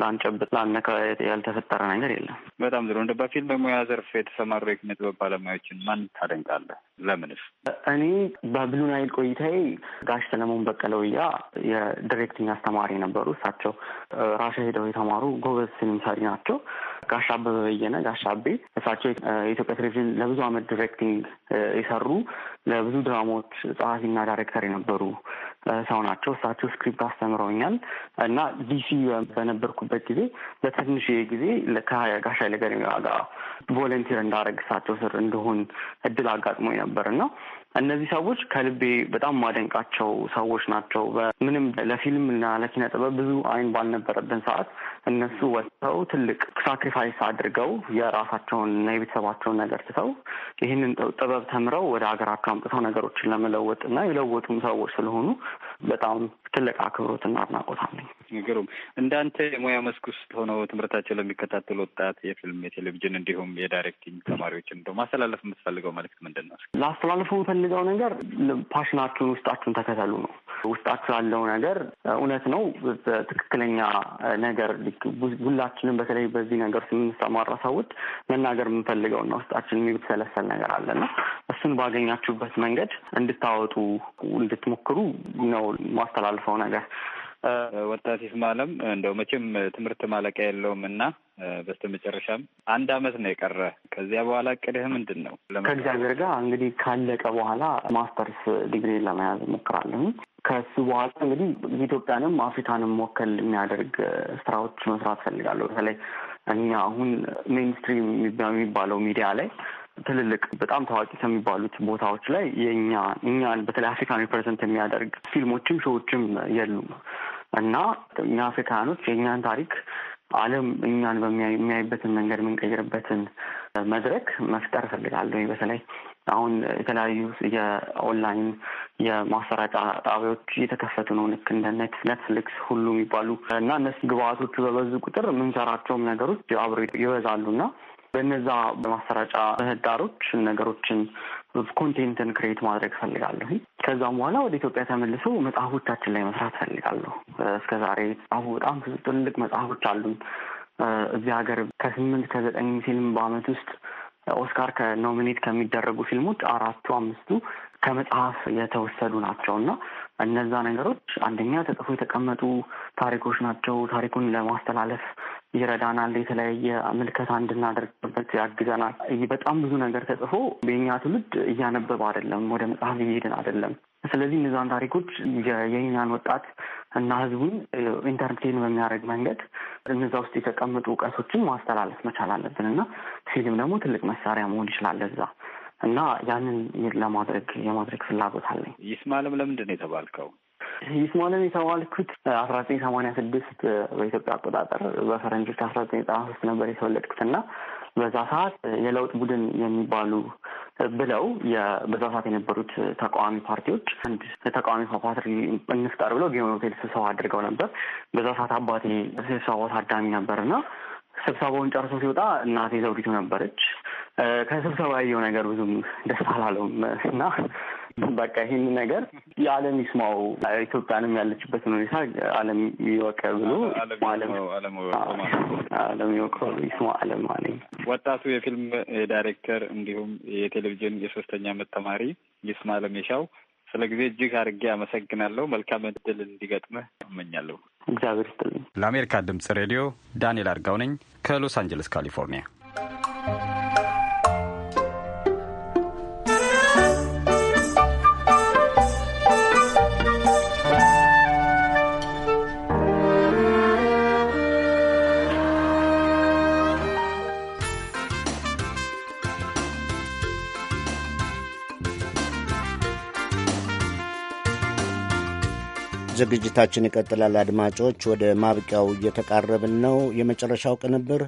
ላንጨብጥ ላነካ ያልተፈጠረ ነገር የለም። በጣም ጥሩ። እንደ በፊልም በሙያ ዘርፍ የተሰማሩ የኪነ ጥበብ ባለሙያዎችን ማን ታደንቃለህ? ለምንስ? እኔ በብሉ ናይል ቆይታዬ ጋሽ ሰለሞን በቀለ ወያ የዲሬክቲንግ አስተማሪ ነበሩ። እሳቸው ራሻ ሄደው የተማሩ ጎበዝ ፊልም ሰሪ ናቸው። ጋሽ አበበ በየነ ጋሽ አቤ፣ እሳቸው የኢትዮጵያ ቴሌቪዥን ለብዙ አመት ዲሬክቲንግ የሰሩ ለብዙ ድራማዎች ጸሐፊና ዳይሬክተር የነበሩ ሰው ናቸው። እሳቸው ስክሪፕት አስተምረውኛል እና ዲሲ በነበርኩበት ጊዜ ለትንሽ ጊዜ ከጋሽ ኃይለ ገሪማ ጋር ቮለንቲር እንዳደረግ እሳቸው ስር እንደሆን እድል አጋጥሞኝ ነበር እና እነዚህ ሰዎች ከልቤ በጣም ማደንቃቸው ሰዎች ናቸው። ምንም ለፊልም እና ለኪነ ጥበብ ብዙ አይን ባልነበረብን ሰዓት እነሱ ወጥተው ትልቅ ሳክሪፋይስ አድርገው የራሳቸውን የቤተሰባቸውን ነገር ትተው ይህንን ጥበብ ተምረው ወደ ሀገራቸው አምጥተው ነገሮችን ለመለወጥ እና የለወጡም ሰዎች ስለሆኑ በጣም ትልቅ አክብሮትና አድናቆት አለኝ። ነገሩም እንዳንተ የሙያ መስክ ውስጥ ሆነው ትምህርታቸው ለሚከታተሉ ወጣት የፊልም የቴሌቪዥን እንዲሁም የዳይሬክቲንግ ተማሪዎች እንደው ማስተላለፍ የምትፈልገው መልዕክት ምንድን ነው? ላስተላለፍ የምፈልገው ነገር ፓሽናችሁን፣ ውስጣችሁን ተከተሉ ነው። ውስጣችሁ ያለው ነገር እውነት ነው፣ ትክክለኛ ነገር ሁላችንም በተለይ በዚህ ነገር የምንሰማራ ሰዎች መናገር የምንፈልገውና ውስጣችን የሚብሰለሰል ነገር አለና እሱን ባገኛችሁበት መንገድ እንድታወጡ እንድትሞክሩ ነው ማስተላልፈው ነገር ወጣት ይስማለም እንደው መቼም ትምህርት ማለቂያ የለውም እና በስተ መጨረሻም አንድ አመት ነው የቀረ። ከዚያ በኋላ እቅድህ ምንድን ነው? ከእግዚአብሔር ጋር እንግዲህ ካለቀ በኋላ ማስተርስ ዲግሪ ለመያዝ እሞክራለሁኝ። ከሱ በኋላ እንግዲህ ኢትዮጵያንም አፍሪካንም ወከል የሚያደርግ ስራዎች መስራት ፈልጋለሁ። በተለይ እኛ አሁን ሜንስትሪም የሚባለው ሚዲያ ላይ ትልልቅ በጣም ታዋቂ ከሚባሉት ቦታዎች ላይ የእኛ እኛን በተለይ አፍሪካን ሪፕሬዘንት የሚያደርግ ፊልሞችም ሾዎችም የሉም እና እኛ አፍሪካኖች የእኛን ታሪክ ዓለም እኛን በሚያይበትን መንገድ የምንቀይርበትን መድረክ መፍጠር እፈልጋለሁ። በተለይ አሁን የተለያዩ የኦንላይን የማሰራጫ ጣቢያዎች እየተከፈቱ ነው፣ ልክ እንደ ኔትፍሊክስ ሁሉ የሚባሉ እና እነሱ ግብአቶቹ በበዙ ቁጥር የምንሰራቸውም ነገሮች አብሮ ይበዛሉ እና በነዛ በማሰራጫ ምህዳሮች ነገሮችን ኮንቴንትን ክሬት ማድረግ ፈልጋለሁ። ከዛም በኋላ ወደ ኢትዮጵያ ተመልሶ መጽሐፎቻችን ላይ መስራት ፈልጋለሁ። እስከ ዛሬ የተጻፉ በጣም ብዙ ትልልቅ መጽሐፎች አሉን። እዚህ ሀገር ከስምንት ከዘጠኝ ፊልም በአመት ውስጥ ኦስካር ከኖሚኔት ከሚደረጉ ፊልሞች አራቱ አምስቱ ከመጽሐፍ የተወሰዱ ናቸው እና እነዛ ነገሮች አንደኛ ተጽፎ የተቀመጡ ታሪኮች ናቸው። ታሪኩን ለማስተላለፍ ይረዳናል። የተለያየ ምልከታ እንድናደርግበት ያግዘናል። በጣም ብዙ ነገር ተጽፎ በኛ ትውልድ እያነበበ አይደለም፣ ወደ መጽሐፍ እየሄድን አይደለም። ስለዚህ እነዛን ታሪኮች የኛን ወጣት እና ህዝቡን ኢንተርቴን በሚያደርግ መንገድ እነዛ ውስጥ የተቀመጡ እውቀቶችን ማስተላለፍ መቻል አለብን እና ፊልም ደግሞ ትልቅ መሳሪያ መሆን ይችላል እዛ እና ያንን ለማድረግ የማድረግ ፍላጎት አለኝ። ይስማለም ለምንድን ነው የተባልከው? ይስማለም የተባልኩት አስራ ዘጠኝ ሰማኒያ ስድስት በኢትዮጵያ አቆጣጠር በፈረንጆች አስራ ዘጠኝ ዘጠና ሶስት ነበር የተወለድኩት እና በዛ ሰዓት የለውጥ ቡድን የሚባሉ ብለው በዛ ሰዓት የነበሩት ተቃዋሚ ፓርቲዎች አንድ ተቃዋሚ ፓርቲ እንፍጠር ብለው ጊዮን ሆቴል ስብሰባ አድርገው ነበር። በዛ ሰዓት አባቴ ስብሰባው ታዳሚ ነበር እና ስብሰባውን ጨርሶ ሲወጣ እናቴ ዘውዲቱ ነበረች። ከስብሰባ ያየው ነገር ብዙም ደስ አላለውም እና በቃ ይህን ነገር የዓለም ይስማው፣ ኢትዮጵያንም ያለችበትን ሁኔታ ዓለም ይወቀ ብሎ ዓለም ይወቀ ይስማ ዓለም አለኝ። ወጣቱ የፊልም ዳይሬክተር እንዲሁም የቴሌቪዥን የሶስተኛ ዓመት ተማሪ ይስማ አለሜሻው ስለ ጊዜ እጅግ አድርጌ አመሰግናለሁ። መልካም እድል እንዲገጥምህ እመኛለሁ። እግዚአብሔር ይስጥልኝ። ለአሜሪካ ድምጽ ሬዲዮ ዳንኤል አርጋው ነኝ ከሎስ አንጀለስ ካሊፎርኒያ። thank you ዝግጅታችን ይቀጥላል። አድማጮች ወደ ማብቂያው እየተቃረብን ነው። የመጨረሻው ቅንብር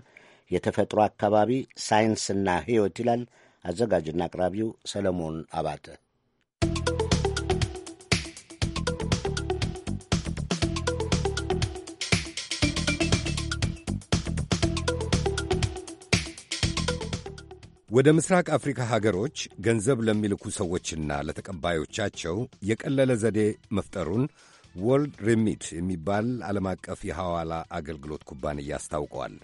የተፈጥሮ አካባቢ ሳይንስና ሕይወት ይላል። አዘጋጅና አቅራቢው ሰለሞን አባተ። ወደ ምስራቅ አፍሪካ ሀገሮች ገንዘብ ለሚልኩ ሰዎችና ለተቀባዮቻቸው የቀለለ ዘዴ መፍጠሩን ወርልድ ሪሚት የሚባል ዓለም አቀፍ የሐዋላ አገልግሎት ኩባንያ አስታውቀዋል።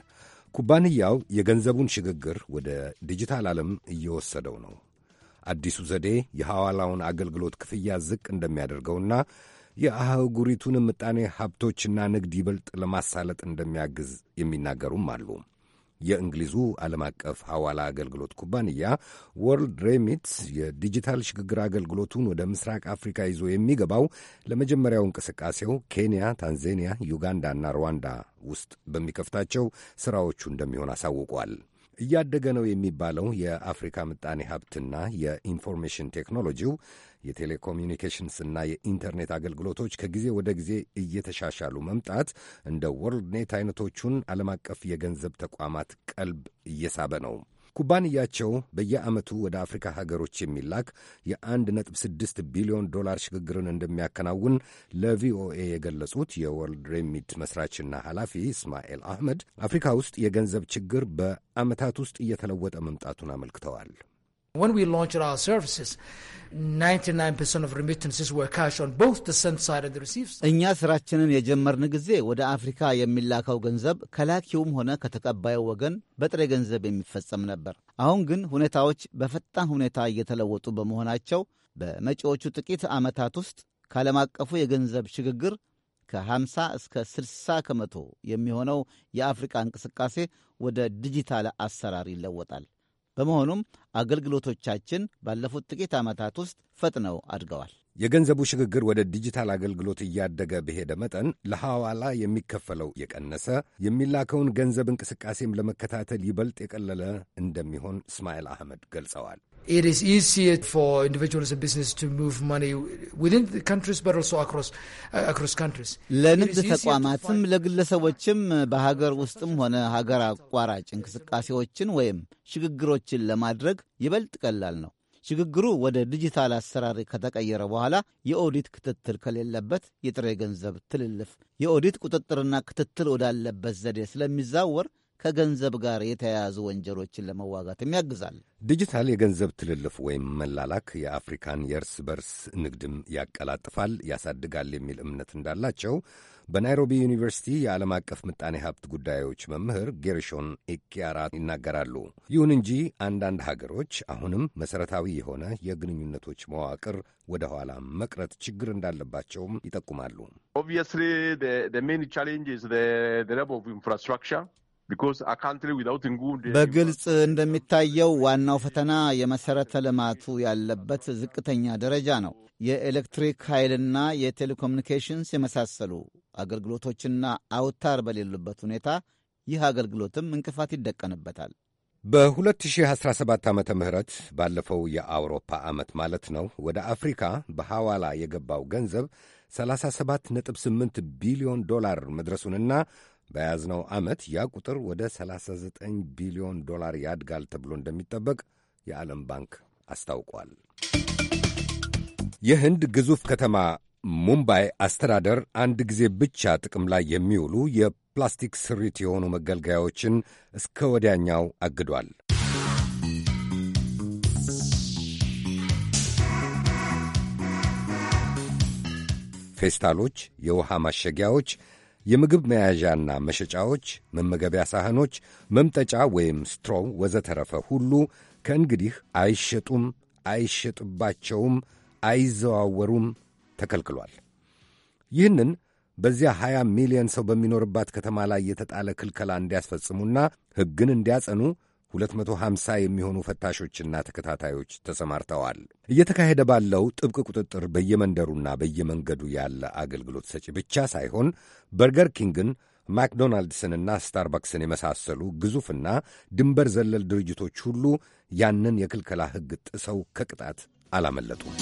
ኩባንያው የገንዘቡን ሽግግር ወደ ዲጂታል ዓለም እየወሰደው ነው። አዲሱ ዘዴ የሐዋላውን አገልግሎት ክፍያ ዝቅ እንደሚያደርገውና የአህጉሪቱን ምጣኔ ሀብቶችና ንግድ ይበልጥ ለማሳለጥ እንደሚያግዝ የሚናገሩም አሉ። የእንግሊዙ ዓለም አቀፍ ሐዋላ አገልግሎት ኩባንያ ወርልድ ሬሚት የዲጂታል ሽግግር አገልግሎቱን ወደ ምስራቅ አፍሪካ ይዞ የሚገባው ለመጀመሪያው እንቅስቃሴው ኬንያ፣ ታንዛኒያ፣ ዩጋንዳና ሩዋንዳ ውስጥ በሚከፍታቸው ስራዎቹ እንደሚሆን አሳውቋል። እያደገ ነው የሚባለው የአፍሪካ ምጣኔ ሀብትና የኢንፎርሜሽን ቴክኖሎጂው የቴሌኮሚኒኬሽንስና የኢንተርኔት አገልግሎቶች ከጊዜ ወደ ጊዜ እየተሻሻሉ መምጣት እንደ ኔት አይነቶቹን ዓለም አቀፍ የገንዘብ ተቋማት ቀልብ እየሳበ ነው። ኩባንያቸው በየዓመቱ ወደ አፍሪካ ሀገሮች የሚላክ የ1.6 ቢሊዮን ዶላር ሽግግርን እንደሚያከናውን ለቪኦኤ የገለጹት የወርልድ ሬሚት መስራችና ኃላፊ እስማኤል አህመድ አፍሪካ ውስጥ የገንዘብ ችግር በዓመታት ውስጥ እየተለወጠ መምጣቱን አመልክተዋል። When we launched our services, 99% of remittances were cash on both the send side and the receive side. እኛ ስራችንን የጀመርን ጊዜ ወደ አፍሪካ የሚላከው ገንዘብ ከላኪውም ሆነ ከተቀባዩ ወገን በጥሬ ገንዘብ የሚፈጸም ነበር። አሁን ግን ሁኔታዎች በፈጣን ሁኔታ እየተለወጡ በመሆናቸው በመጪዎቹ ጥቂት ዓመታት ውስጥ ከዓለም አቀፉ የገንዘብ ሽግግር ከ50 እስከ 60 ከመቶ የሚሆነው የአፍሪካ እንቅስቃሴ ወደ ዲጂታል አሰራር ይለወጣል። በመሆኑም አገልግሎቶቻችን ባለፉት ጥቂት ዓመታት ውስጥ ፈጥነው አድገዋል። የገንዘቡ ሽግግር ወደ ዲጂታል አገልግሎት እያደገ በሄደ መጠን ለሐዋላ የሚከፈለው የቀነሰ የሚላከውን ገንዘብ እንቅስቃሴም ለመከታተል ይበልጥ የቀለለ እንደሚሆን እስማኤል አህመድ ገልጸዋል። it is easier for individuals and business to move money within the countries but also across, uh, across countries ለንግድ ተቋማትም ለግለሰቦችም በሀገር ውስጥም ሆነ ሀገር አቋራጭ እንቅስቃሴዎችን ወይም ሽግግሮችን ለማድረግ ይበልጥ ቀላል ነው። ሽግግሩ ወደ ዲጂታል አሰራር ከተቀየረ በኋላ የኦዲት ክትትል ከሌለበት የጥሬ ገንዘብ ትልልፍ የኦዲት ቁጥጥርና ክትትል ወዳለበት ዘዴ ስለሚዛወር ከገንዘብ ጋር የተያያዙ ወንጀሎችን ለመዋጋትም ያግዛል። ዲጂታል የገንዘብ ትልልፍ ወይም መላላክ የአፍሪካን የእርስ በርስ ንግድም ያቀላጥፋል፣ ያሳድጋል የሚል እምነት እንዳላቸው በናይሮቢ ዩኒቨርሲቲ የዓለም አቀፍ ምጣኔ ሀብት ጉዳዮች መምህር ጌርሾን ኢኪያራ ይናገራሉ። ይሁን እንጂ አንዳንድ ሀገሮች አሁንም መሠረታዊ የሆነ የግንኙነቶች መዋቅር ወደ ኋላ መቅረት ችግር እንዳለባቸውም ይጠቁማሉ። Uh, በግልጽ እንደሚታየው uh, ዋናው ፈተና የመሠረተ ልማቱ ያለበት ዝቅተኛ ደረጃ ነው። የኤሌክትሪክ ኃይልና የቴሌኮሙኒኬሽንስ የመሳሰሉ አገልግሎቶችና አውታር በሌሉበት ሁኔታ ይህ አገልግሎትም እንቅፋት ይደቀንበታል። በ2017 ዓ. ምህረት ባለፈው የአውሮፓ ዓመት ማለት ነው ወደ አፍሪካ በሐዋላ የገባው ገንዘብ 37.8 ቢሊዮን ዶላር መድረሱንና በያዝነው ዓመት ያ ቁጥር ወደ 39 ቢሊዮን ዶላር ያድጋል ተብሎ እንደሚጠበቅ የዓለም ባንክ አስታውቋል። የህንድ ግዙፍ ከተማ ሙምባይ አስተዳደር አንድ ጊዜ ብቻ ጥቅም ላይ የሚውሉ የፕላስቲክ ስሪት የሆኑ መገልገያዎችን እስከ ወዲያኛው አግዷል። ፌስታሎች፣ የውሃ ማሸጊያዎች የምግብ መያዣና መሸጫዎች፣ መመገቢያ ሳህኖች፣ መምጠጫ ወይም ስትሮ ወዘተረፈ ሁሉ ከእንግዲህ አይሸጡም፣ አይሸጥባቸውም፣ አይዘዋወሩም ተከልክሏል። ይህንን በዚያ 20 ሚሊዮን ሰው በሚኖርባት ከተማ ላይ የተጣለ ክልከላ እንዲያስፈጽሙና ሕግን እንዲያጸኑ 250 የሚሆኑ ፈታሾችና ተከታታዮች ተሰማርተዋል። እየተካሄደ ባለው ጥብቅ ቁጥጥር በየመንደሩና በየመንገዱ ያለ አገልግሎት ሰጪ ብቻ ሳይሆን በርገር ኪንግን ማክዶናልድስንና ስታርባክስን የመሳሰሉ ግዙፍና ድንበር ዘለል ድርጅቶች ሁሉ ያንን የክልከላ ሕግ ጥሰው ከቅጣት አላመለጡም።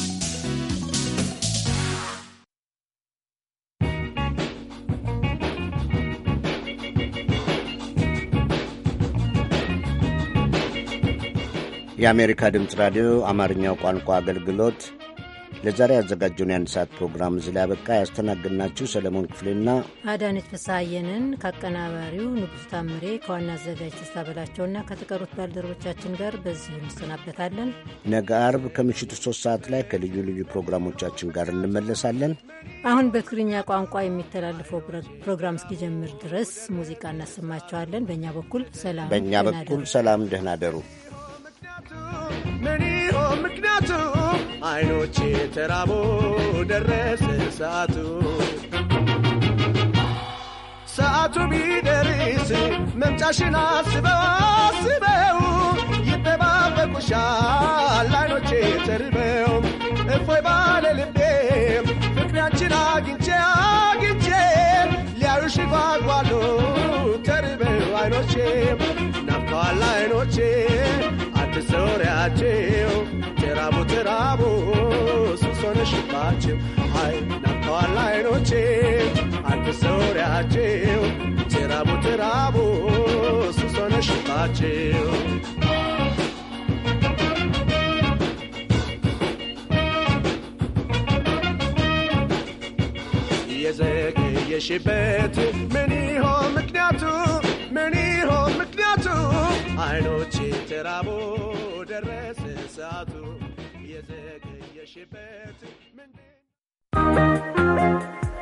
የአሜሪካ ድምፅ ራዲዮ አማርኛው ቋንቋ አገልግሎት ለዛሬ ያዘጋጀውን የአንድ ሰዓት ፕሮግራም እዚህ ላይ አበቃ። ያስተናግድናችሁ ሰለሞን ክፍሌና አዳነች ፍስሐየንን ከአቀናባሪው ንጉሥ ታምሬ ከዋና አዘጋጅ ተስታበላቸውና ከተቀሩት ባልደረቦቻችን ጋር በዚህ እንሰናበታለን። ነገ አርብ ከምሽቱ ሶስት ሰዓት ላይ ከልዩ ልዩ ፕሮግራሞቻችን ጋር እንመለሳለን። አሁን በትግርኛ ቋንቋ የሚተላለፈው ፕሮግራም እስኪጀምር ድረስ ሙዚቃ እናሰማቸዋለን። በእኛ በኩል ሰላም በእኛ በኩል ሰላም፣ ደህና ደሩ። ምክንያቱ አይኖቼ ተራቦ ደረሰ ሰዓቱ ሰዓቱ ቢደርስ መምጫሽን አስበው አስበው ይጠባበቁሻል አይኖቼ ተርበው እፎይ ባለ ልቤ ፍቅሪያችን አግኝቼ አግኝቼ ሊያዩሽ ጓጓሉ ተርበው አይኖቼ ናፍቀዋል አይኖቼ አትዞሪያቸው ተራቡ ተራቡ ሱሶነሽባቸው አይ ናተዋላ አይኖቼ አትዞሪያቸው ተራቡ ተራቡ ሱሶነሽባቸው የዘገየሽበት ምን ይሆን ምክንያቱ ምን ምክንያቱ አይኖቼ ተራቦ ደረሰ ሰዓቱ የዘገየሽበት ምንድን